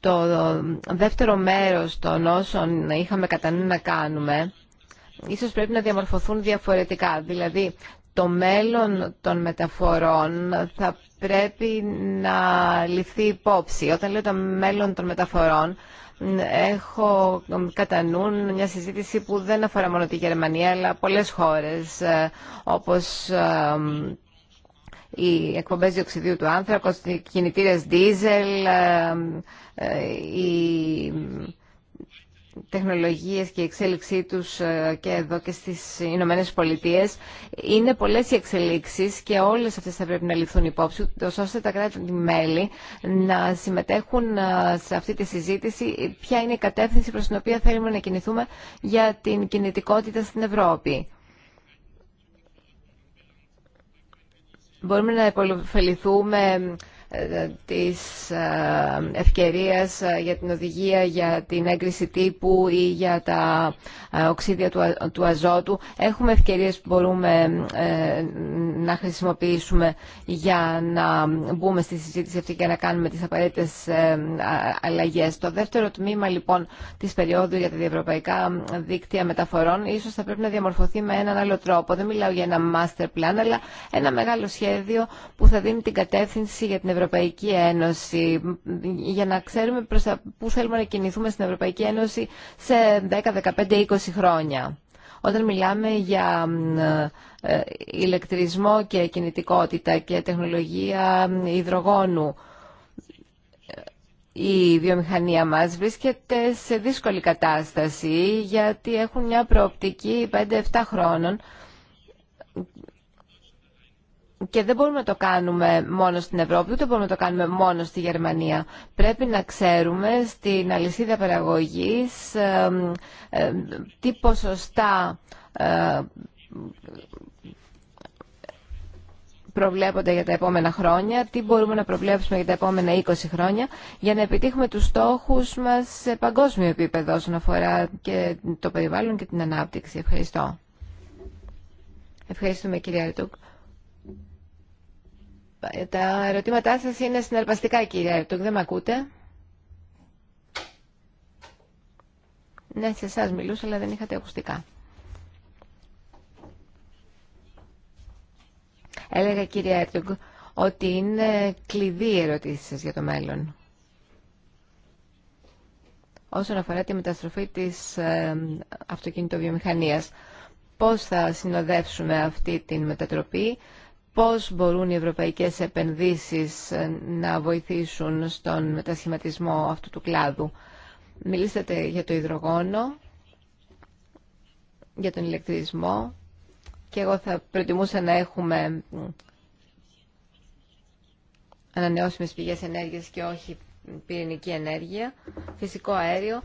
Το δεύτερο μέρος των όσων είχαμε κατά νου να κάνουμε ίσως πρέπει να διαμορφωθούν διαφορετικά. Δηλαδή, το μέλλον των μεταφορών θα πρέπει να ληφθεί υπόψη. Όταν λέω το μέλλον των μεταφορών, έχω κατά νου μια συζήτηση που δεν αφορά μόνο τη Γερμανία, αλλά πολλές χώρες, ε, όπως ε, οι εκπομπές διοξιδίου του άνθρακος, οι κινητήρες δίζελ, ε, οι τεχνολογίες και η εξέλιξή τους ε, και εδώ και στις Ηνωμένε Πολιτείες. Είναι πολλές οι εξελίξεις και όλες αυτές θα πρέπει να ληφθούν υπόψη, ώστε τα κράτη-μέλη να συμμετέχουν ε, σε αυτή τη συζήτηση ποια είναι η κατεύθυνση προς την οποία θέλουμε να κινηθούμε για την κινητικότητα στην Ευρώπη. Μπορούμε να υποφεληθούμε Τη ε, ευκαιρία ε, για την οδηγία για την έγκριση τύπου ή για τα ε, οξύδια του αζότου. Έχουμε ευκαιρίες που μπορούμε να χρησιμοποιήσουμε για να μπούμε στη συζήτηση αυτή και να κάνουμε τις απαραίτητες αλλαγές. Το δεύτερο τμήμα λοιπόν της περίοδου για τα διευρωπαϊκά δίκτυα μεταφορών ίσως θα πρέπει να διαμορφωθεί με έναν άλλο τρόπο. Δεν μιλάω για ένα master plan αλλά ένα μεγάλο σχέδιο που θα δίνει την κατεύθυνση για την Ευρωπαϊκή Ευρωπαϊκή Ένωση, για να ξέρουμε προς τα πού θέλουμε να κινηθούμε στην Ευρωπαϊκή Ένωση σε 10, 15, 20 χρόνια. Όταν μιλάμε για ε, ηλεκτρισμό και κινητικότητα και τεχνολογία υδρογόνου, η βιομηχανία μας βρίσκεται σε δύσκολη κατάσταση γιατί έχουν μια προοπτική 5-7 χρόνων και δεν μπορούμε να το κάνουμε μόνο στην Ευρώπη, ούτε μπορούμε να το κάνουμε μόνο στη Γερμανία. Πρέπει να ξέρουμε στην αλυσίδα παραγωγής τι ποσοστά ε, προβλέπονται για τα επόμενα χρόνια, τι μπορούμε να προβλέψουμε για τα επόμενα 20 χρόνια, για να επιτύχουμε τους στόχους μας σε παγκόσμιο επίπεδο όσον αφορά και το περιβάλλον και την ανάπτυξη. Ευχαριστώ. Ευχαριστούμε κυρία Ρετούκ. Τα ερωτήματά σας είναι συναρπαστικά, κύριε Ερτουκ. Δεν με ακούτε. Ναι, σε εσά μιλούσα, αλλά δεν είχατε ακουστικά. Έλεγα, κύριε Έρτουγκ, ότι είναι κλειδί η ερωτήση για το μέλλον. Όσον αφορά τη μεταστροφή της ε, αυτοκινητοβιομηχανίας, πώς θα συνοδεύσουμε αυτή την μετατροπή πώς μπορούν οι ευρωπαϊκές επενδύσεις ε, να βοηθήσουν στον μετασχηματισμό αυτού του κλάδου. Μιλήσατε για το υδρογόνο, για τον ηλεκτρισμό και εγώ θα προτιμούσα να έχουμε ανανεώσιμες πηγές ενέργειας και όχι πυρηνική ενέργεια, φυσικό αέριο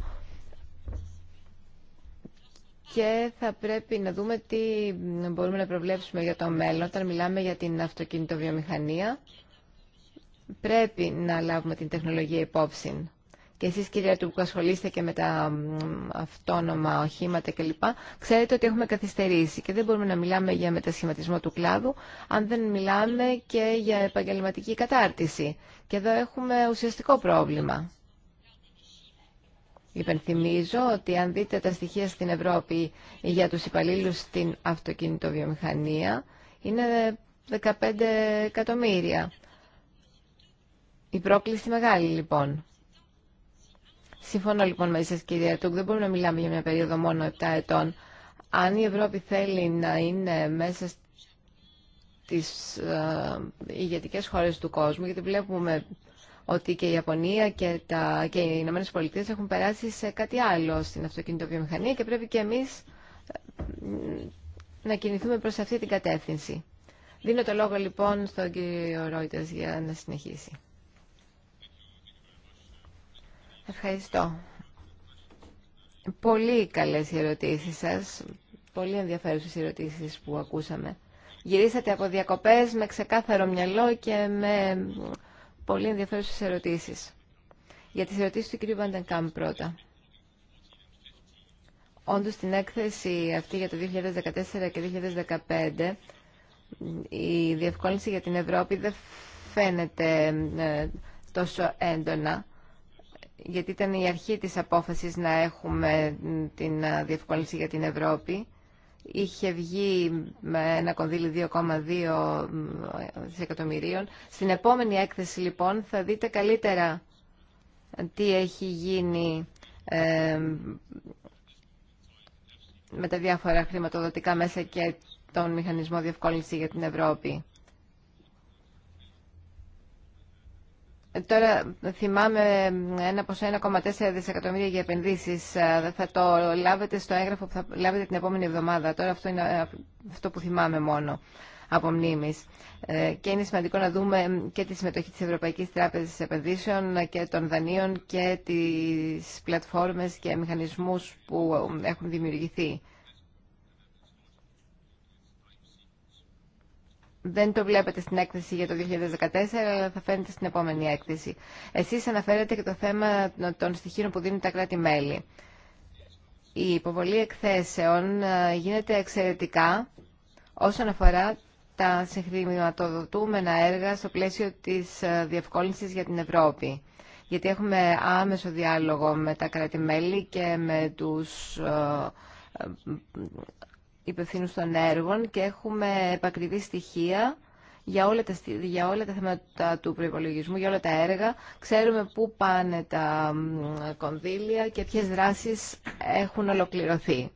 και θα πρέπει να δούμε τι μπορούμε να προβλέψουμε για το μέλλον. Όταν μιλάμε για την αυτοκινητοβιομηχανία, πρέπει να λάβουμε την τεχνολογία υπόψη. Και εσείς κυρία του που ασχολείστε και με τα αυτόνομα οχήματα κλπ. Ξέρετε ότι έχουμε καθυστερήσει και δεν μπορούμε να μιλάμε για μετασχηματισμό του κλάδου αν δεν μιλάμε και για επαγγελματική κατάρτιση. Και εδώ έχουμε ουσιαστικό πρόβλημα. Υπενθυμίζω ότι αν δείτε τα στοιχεία στην Ευρώπη για τους υπαλλήλους στην αυτοκινητοβιομηχανία είναι 15 εκατομμύρια. Η πρόκληση μεγάλη λοιπόν. Συμφωνώ λοιπόν με σας κυρία Τούκ, δεν μπορούμε να μιλάμε για μια περίοδο μόνο 7 ετών. Αν η Ευρώπη θέλει να είναι μέσα στις ε, ηγετικές χώρες του κόσμου, γιατί βλέπουμε ότι και η Ιαπωνία και, τα, και οι Ηνωμένε Πολιτείε έχουν περάσει σε κάτι άλλο στην αυτοκινητοβιομηχανία και πρέπει και εμείς ε, να κινηθούμε προς αυτή την κατεύθυνση. Δίνω το λόγο λοιπόν στον κύριο Ρόιτες για να συνεχίσει. Ευχαριστώ. Πολύ καλές οι ερωτήσεις σας, πολύ ενδιαφέρουσες ερωτήσεις που ακούσαμε. Γυρίσατε από διακοπές με ξεκάθαρο μυαλό και με πολύ ενδιαφέρουσε ερωτήσεις. Για τις ερωτήσεις του κ. Βαντενκάμ πρώτα. Όντω στην έκθεση αυτή για το 2014 και 2015, η διευκόλυνση για την Ευρώπη δεν φαίνεται ε, τόσο έντονα, γιατί ήταν η αρχή της απόφασης να έχουμε την ε, διευκόλυνση για την Ευρώπη είχε βγει με ένα κονδύλι 2,2 δισεκατομμυρίων. Στην επόμενη έκθεση λοιπόν θα δείτε καλύτερα τι έχει γίνει με τα διάφορα χρηματοδοτικά μέσα και τον μηχανισμό διευκόλυνση για την Ευρώπη. Τώρα θυμάμαι ένα ποσό 1,4 δισεκατομμύρια για επενδύσεις. Θα το λάβετε στο έγγραφο που θα λάβετε την επόμενη εβδομάδα. Τώρα αυτό είναι αυτό που θυμάμαι μόνο από μνήμης. Ε, και είναι σημαντικό να δούμε και τη συμμετοχή της Ευρωπαϊκής Τράπεζας Επενδύσεων και των δανείων και τις πλατφόρμες και μηχανισμούς που έχουν δημιουργηθεί. δεν το βλέπετε στην έκθεση για το 2014, αλλά θα φαίνεται στην επόμενη έκθεση. Εσείς αναφέρετε και το θέμα των στοιχείων που δίνουν τα κράτη-μέλη. Η υποβολή εκθέσεων ε, γίνεται εξαιρετικά όσον αφορά τα συγχρηματοδοτούμενα έργα στο πλαίσιο της ε, διευκόλυνσης για την Ευρώπη. Γιατί έχουμε άμεσο διάλογο με τα κράτη-μέλη και με τους ε, Υπευθύνου των έργων και έχουμε επακριβή στοιχεία για όλα, τα, για όλα θέματα του προϋπολογισμού, για όλα τα έργα. Ξέρουμε πού πάνε τα κονδύλια και ποιες δράσεις έχουν ολοκληρωθεί.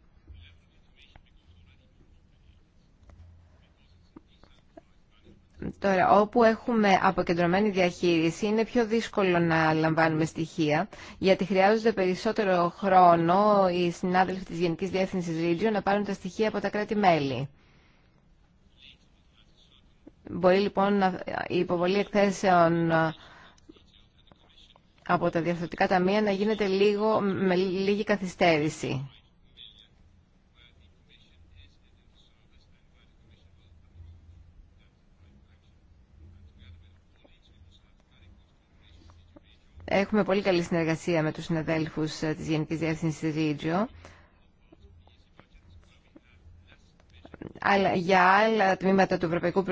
Τώρα, όπου έχουμε αποκεντρωμένη διαχείριση, είναι πιο δύσκολο να λαμβάνουμε στοιχεία, γιατί χρειάζονται περισσότερο χρόνο οι συνάδελφοι της Γενικής Διεύθυνσης Ρίτζιο να πάρουν τα στοιχεία από τα κράτη-μέλη. Μπορεί λοιπόν η υποβολή εκθέσεων ε, από τα διαφθορτικά ταμεία να γίνεται λίγο, με λίγη καθυστέρηση. Έχουμε πολύ καλή συνεργασία με τους συναδέλφους ε, της Γενικής Διεύθυνσης Ρίτζιο. αλλά για άλλα τμήματα του ευρωπαϊκού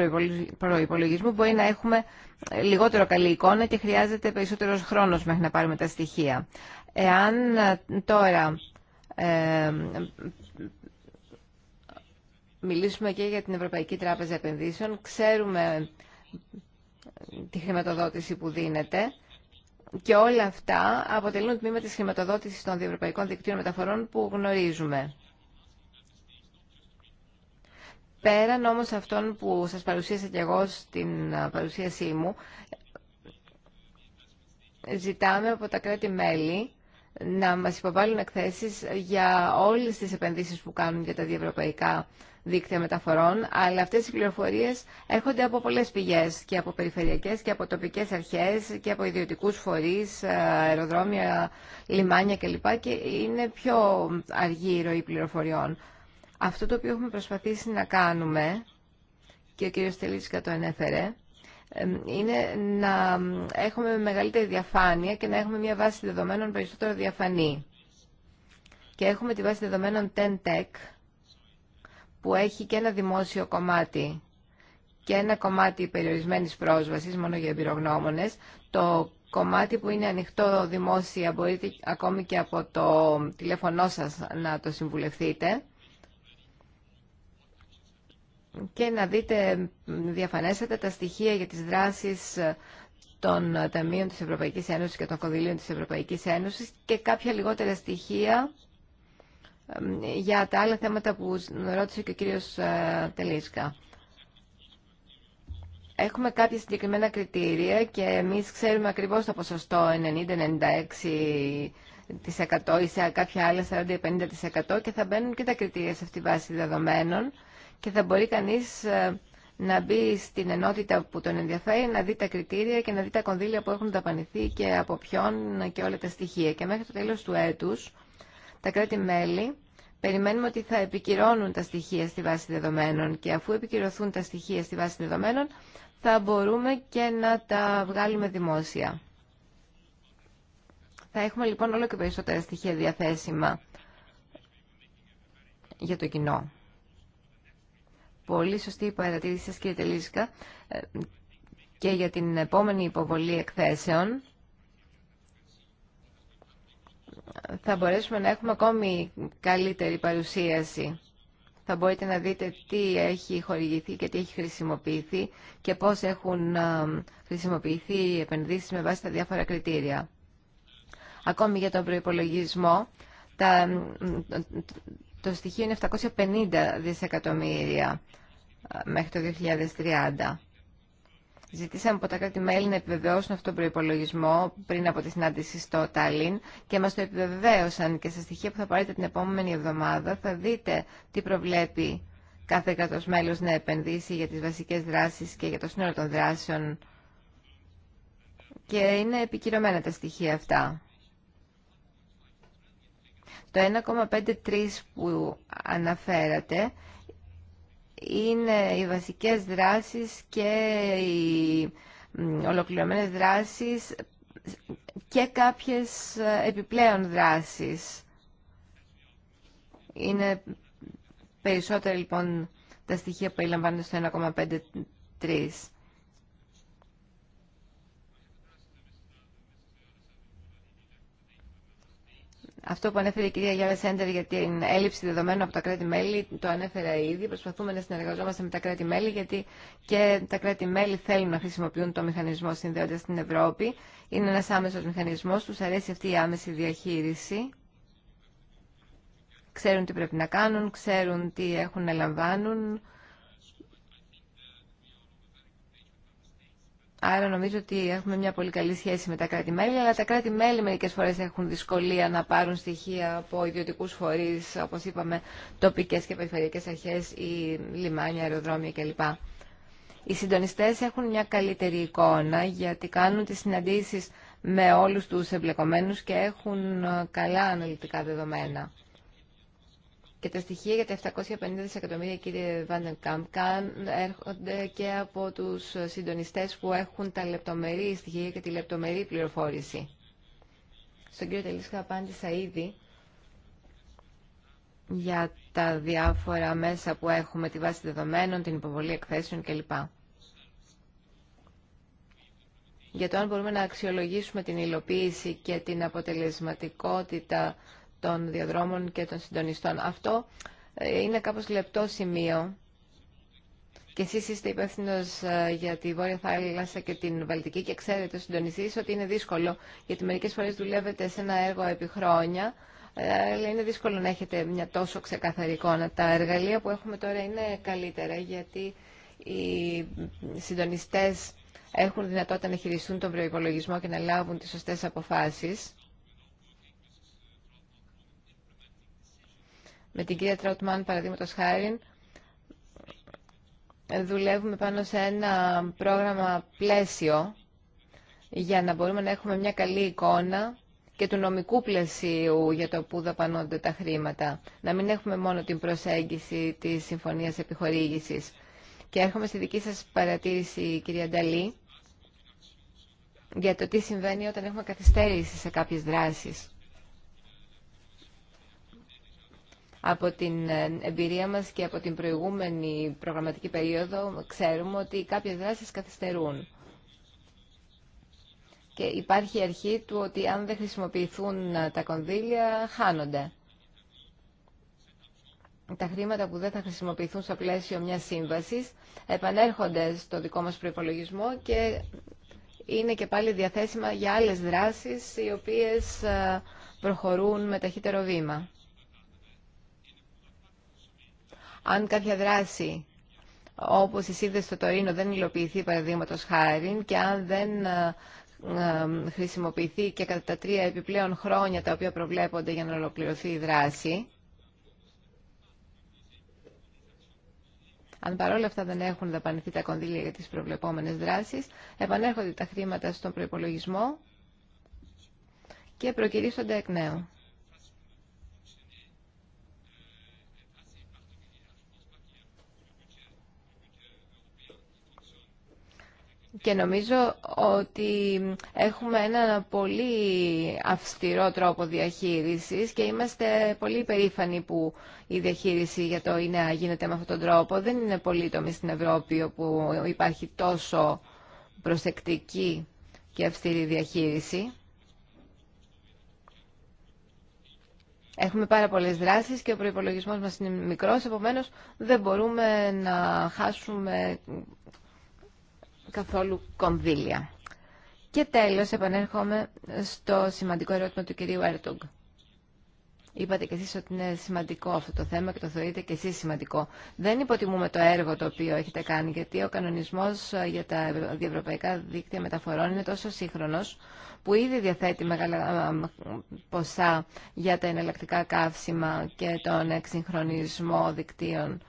προϋπολογισμού μπορεί να έχουμε ε, λιγότερο καλή εικόνα και χρειάζεται περισσότερος χρόνος μέχρι να πάρουμε τα στοιχεία. Εάν ε, τώρα μιλήσουμε και για την Ευρωπαϊκή Τράπεζα Επενδύσεων, ξέρουμε τη χρηματοδότηση που δίνεται και όλα αυτά αποτελούν τμήμα της χρηματοδότησης των διευρωπαϊκών δικτύων μεταφορών που γνωρίζουμε. Πέραν όμως αυτών που σας παρουσίασα και εγώ στην παρουσίασή μου, ζητάμε από τα κράτη-μέλη να μας υποβάλουν εκθέσεις για όλες τις επενδύσεις που κάνουν για τα διευρωπαϊκά δίκτυα μεταφορών, αλλά αυτές οι πληροφορίε έρχονται από πολλέ πηγές και από περιφερειακές και από τοπικές αρχές και από ιδιωτικούς φορείς, ε, αεροδρόμια, λιμάνια κλπ. Και είναι πιο αργή η ροή πληροφοριών. Αυτό το οποίο έχουμε προσπαθήσει να κάνουμε, και ο κύριος Τελίτσικα το ενέφερε, ε, είναι να έχουμε μεγαλύτερη διαφάνεια και να έχουμε μια βάση δεδομένων περισσότερο διαφανή. Και έχουμε τη βάση δεδομένων TEN-TEC, που έχει και ένα δημόσιο κομμάτι και ένα κομμάτι περιορισμένης πρόσβασης μόνο για εμπειρογνώμονες. Το κομμάτι που είναι ανοιχτό δημόσια μπορείτε ακόμη και από το τηλέφωνό σας να το συμβουλευτείτε και να δείτε διαφανέστατα τα στοιχεία για τις δράσεις των Ταμείων της Ευρωπαϊκής Ένωσης και των Κονδυλίων της Ευρωπαϊκής Ένωσης και κάποια λιγότερα στοιχεία για τα άλλα θέματα που ρώτησε και ο κύριος ε, Τελίσκα. Έχουμε κάποια συγκεκριμένα κριτήρια και εμείς ξέρουμε ακριβώς το ποσοστό 90-96% ή σε κάποια άλλα 40-50% και θα μπαίνουν και τα κριτήρια σε αυτή τη βάση δεδομένων και θα μπορεί κανείς ε, να μπει στην ενότητα που τον ενδιαφέρει, να δει τα κριτήρια και να δει τα κονδύλια που έχουν ταπανηθεί και από ποιον και όλα τα στοιχεία. Και μέχρι το τέλος του έτους τα κράτη-μέλη περιμένουμε ότι θα επικυρώνουν τα στοιχεία στη βάση δεδομένων και αφού επικυρωθούν τα στοιχεία στη βάση δεδομένων θα μπορούμε και να τα βγάλουμε δημόσια. Θα έχουμε λοιπόν όλο και περισσότερα στοιχεία διαθέσιμα για το κοινό. Πολύ σωστή η παρατήρηση σας κύριε Τελίσκα ε, και για την επόμενη υποβολή εκθέσεων θα μπορέσουμε να έχουμε ακόμη καλύτερη παρουσίαση. Θα μπορείτε να δείτε τι έχει χορηγηθεί και τι έχει χρησιμοποιηθεί και πώς έχουν χρησιμοποιηθεί οι επενδύσεις με βάση τα διάφορα κριτήρια. Ακόμη για τον προϋπολογισμό, τα, το στοιχείο είναι 750 δισεκατομμύρια μέχρι το 2030. Ζητήσαμε από τα κράτη-μέλη να επιβεβαιώσουν αυτόν τον προπολογισμό πριν από τη συνάντηση στο Τάλιν και μα το επιβεβαίωσαν και στα στοιχεία που θα πάρετε την επόμενη εβδομάδα θα δείτε τι προβλέπει κάθε κράτο μέλο να επενδύσει για τις βασικές δράσεις και για το σύνολο των δράσεων και είναι επικυρωμένα τα στοιχεία αυτά. Το 1,53 που αναφέρατε είναι οι βασικές δράσεις και οι ολοκληρωμένες δράσεις και κάποιες ε, επιπλέον δράσεις. Είναι περισσότερο λοιπόν τα στοιχεία που περιλαμβάνονται στο 1,53. Αυτό που ανέφερε η κυρία Γιάννη Σέντερ για την έλλειψη δεδομένων από τα κράτη-μέλη, το ανέφερα ήδη. Προσπαθούμε να συνεργαζόμαστε με τα κράτη-μέλη, γιατί και τα κράτη-μέλη θέλουν να χρησιμοποιούν το μηχανισμό συνδέοντα στην Ευρώπη. Είναι ένα άμεσο μηχανισμό, του αρέσει αυτή η άμεση διαχείριση. Ξέρουν τι πρέπει να κάνουν, ξέρουν τι έχουν να λαμβάνουν Άρα νομίζω ότι έχουμε μια πολύ καλή σχέση με τα κράτη-μέλη, αλλά τα κράτη-μέλη μερικές φορές έχουν δυσκολία να πάρουν στοιχεία από ιδιωτικούς φορείς, όπως είπαμε, τοπικές και περιφερειακές αρχές ή λιμάνια, αεροδρόμια κλπ. Οι συντονιστές έχουν μια καλύτερη εικόνα γιατί κάνουν τις συναντήσεις με όλους τους εμπλεκομένους και έχουν ε, καλά αναλυτικά δεδομένα. Και τα στοιχεία για τα 750 δισεκατομμύρια, κύριε Βάντεν έρχονται και από τους συντονιστές που έχουν τα λεπτομερή στοιχεία και τη λεπτομερή πληροφόρηση. Στον κύριο Τελίσκα απάντησα ήδη για τα διάφορα μέσα που έχουμε, τη βάση δεδομένων, την υποβολή εκθέσεων κλπ. Για το αν μπορούμε να αξιολογήσουμε την υλοποίηση και την αποτελεσματικότητα των διαδρόμων και των συντονιστών. Αυτό ε, είναι κάπως λεπτό σημείο. Και εσείς είστε υπεύθυνο ε, για τη Βόρεια Θάλασσα και την Βαλτική και ξέρετε συντονιστής ότι είναι δύσκολο, γιατί μερικές φορές δουλεύετε σε ένα έργο επί χρόνια, ε, αλλά είναι δύσκολο να έχετε μια τόσο ξεκαθαρή εικόνα. Τα εργαλεία που έχουμε τώρα είναι καλύτερα, γιατί οι συντονιστές έχουν δυνατότητα να χειριστούν τον προϋπολογισμό και να λάβουν τις σωστές αποφάσεις. Με την κυρία Τραουτμάν παραδείγματο χάρη, δουλεύουμε πάνω σε ένα πρόγραμμα πλαίσιο για να μπορούμε να έχουμε μια καλή εικόνα και του νομικού πλαισίου για το που δαπανώνται τα χρήματα. Να μην έχουμε μόνο την προσέγγιση της συμφωνίας επιχορήγησης. Και έρχομαι στη δική σας παρατήρηση, κυρία Νταλή, για το τι συμβαίνει όταν έχουμε καθυστέρηση σε κάποιες δράσεις. Από την ε, εμπειρία μας και από την προηγούμενη προγραμματική περίοδο ξέρουμε ότι κάποιες δράσεις καθυστερούν. Και υπάρχει η αρχή του ότι αν δεν χρησιμοποιηθούν ε, τα κονδύλια, χάνονται. Τα χρήματα που δεν θα χρησιμοποιηθούν στο πλαίσιο μιας σύμβασης επανέρχονται στο δικό μας προϋπολογισμό και είναι και πάλι διαθέσιμα για άλλες δράσεις οι οποίες ε, προχωρούν με ταχύτερο βήμα. Αν κάποια δράση όπως η σύνδεση στο Τωρίνο δεν υλοποιηθεί παραδείγματο χάρη και αν δεν ε, ε, χρησιμοποιηθεί και κατά τα τρία επιπλέον χρόνια τα οποία προβλέπονται για να ολοκληρωθεί η δράση, Αν παρόλα αυτά δεν έχουν δαπανηθεί τα κονδύλια για τις προβλεπόμενες δράσεις, επανέρχονται τα χρήματα στον προϋπολογισμό και προκυρήσονται εκ νέου. και νομίζω ότι έχουμε ένα πολύ αυστηρό τρόπο διαχείρισης και είμαστε πολύ περήφανοι που η διαχείριση για το ΙΝΕΑ γίνεται με αυτόν τον τρόπο. Δεν είναι πολύ τομή στην Ευρώπη όπου υπάρχει τόσο προσεκτική και αυστηρή διαχείριση. Έχουμε πάρα πολλές δράσεις και ο προϋπολογισμός μας είναι μικρός, επομένως δεν μπορούμε να χάσουμε καθόλου κονδύλια. Και τέλος επανέρχομαι στο σημαντικό ερώτημα του κυρίου Έρτογκ. Είπατε και εσείς ότι είναι σημαντικό αυτό το θέμα και το θεωρείτε και εσείς σημαντικό. Δεν υποτιμούμε το έργο το οποίο έχετε κάνει, γιατί ο κανονισμός ε, για τα διευρωπαϊκά δίκτυα μεταφορών είναι τόσο σύγχρονος, που ήδη διαθέτει μεγάλα ε, ποσά για τα εναλλακτικά καύσιμα και τον εξυγχρονισμό δικτύων.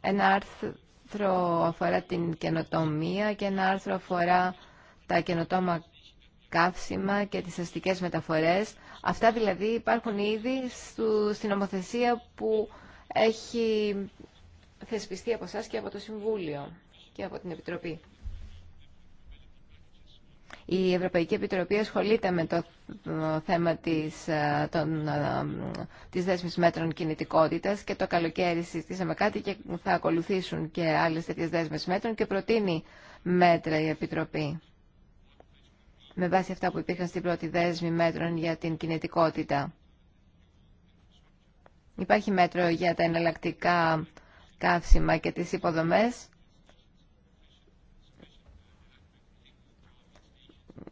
Ένα άρθρο άρθρο αφορά την καινοτομία και ένα άρθρο αφορά τα καινοτόμα καύσιμα και τις αστικές μεταφορές. Αυτά δηλαδή υπάρχουν ήδη στην νομοθεσία που έχει θεσπιστεί από εσά και από το Συμβούλιο και από την Επιτροπή. Η Ευρωπαϊκή Επιτροπή ασχολείται με το θέμα της, ε, των, ε, της δέσμης μέτρων κινητικότητας και το καλοκαίρι συζητήσαμε κάτι και θα ακολουθήσουν και άλλες τέτοιες δέσμες μέτρων και προτείνει μέτρα η Επιτροπή με βάση αυτά που υπήρχαν στην πρώτη δέσμη μέτρων για την κινητικότητα. Υπάρχει μέτρο για τα εναλλακτικά καύσιμα και τις υποδομές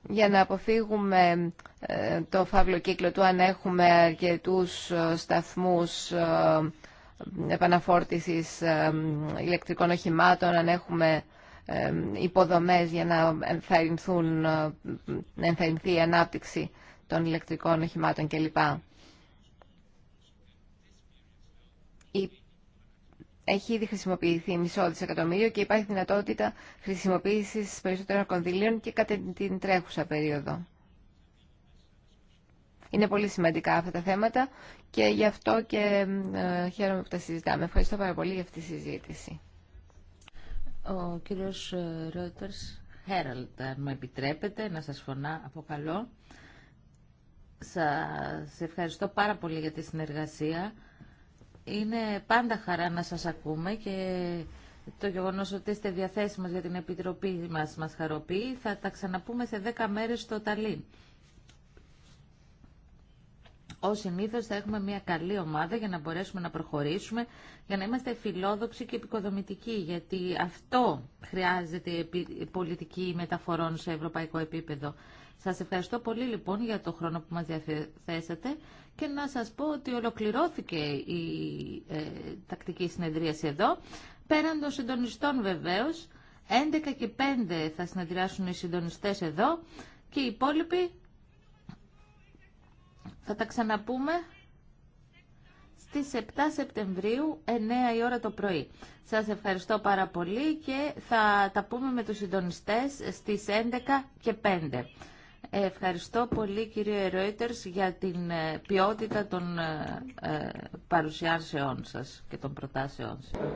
για να αποφύγουμε ε, το φαύλο κύκλο του αν έχουμε αρκετούς ε, σταθμούς ε, επαναφόρτησης ηλεκτρικών οχημάτων, αν έχουμε υποδομές για να, να ενθαρρυνθεί η ανάπτυξη των ηλεκτρικών οχημάτων κλπ. έχει ήδη χρησιμοποιηθεί μισό δισεκατομμύριο και υπάρχει δυνατότητα χρησιμοποίησης περισσότερων κονδυλίων και κατά την τρέχουσα περίοδο. Είναι πολύ σημαντικά αυτά τα θέματα και γι' αυτό και ε, χαίρομαι που τα συζητάμε. Ευχαριστώ πάρα πολύ για αυτή τη συζήτηση. Ο κύριος Ρότερς Χέραλτ, αν μου επιτρέπετε να σας φωνά, αποκαλώ. Σας ευχαριστώ πάρα πολύ για τη συνεργασία. Είναι πάντα χαρά να σας ακούμε και το γεγονός ότι είστε διαθέσιμος για την Επιτροπή μας μας χαροποιεί. Θα τα ξαναπούμε σε 10 μέρες στο Ταλίν. Ως συνήθω θα έχουμε μια καλή ομάδα για να μπορέσουμε να προχωρήσουμε, για να είμαστε φιλόδοξοι και επικοδομητικοί, γιατί αυτό χρειάζεται η πολιτική μεταφορών σε ευρωπαϊκό επίπεδο. Σας ευχαριστώ πολύ λοιπόν για το χρόνο που μας διαθέσατε και να σας πω ότι ολοκληρώθηκε η ε, τακτική συνεδρίαση εδώ. Πέραν των συντονιστών βεβαίως, 11 και 5 θα συνεδριάσουν οι συντονιστές εδώ και οι υπόλοιποι θα τα ξαναπούμε στις 7 Σεπτεμβρίου, 9 η ώρα το πρωί. Σας ευχαριστώ πάρα πολύ και θα τα πούμε με τους συντονιστές στις 11 και 5. Ευχαριστώ πολύ κύριε Ρόιτερς για την ε, ποιότητα των ε, ε, παρουσιάσεών σας και των προτάσεών σας.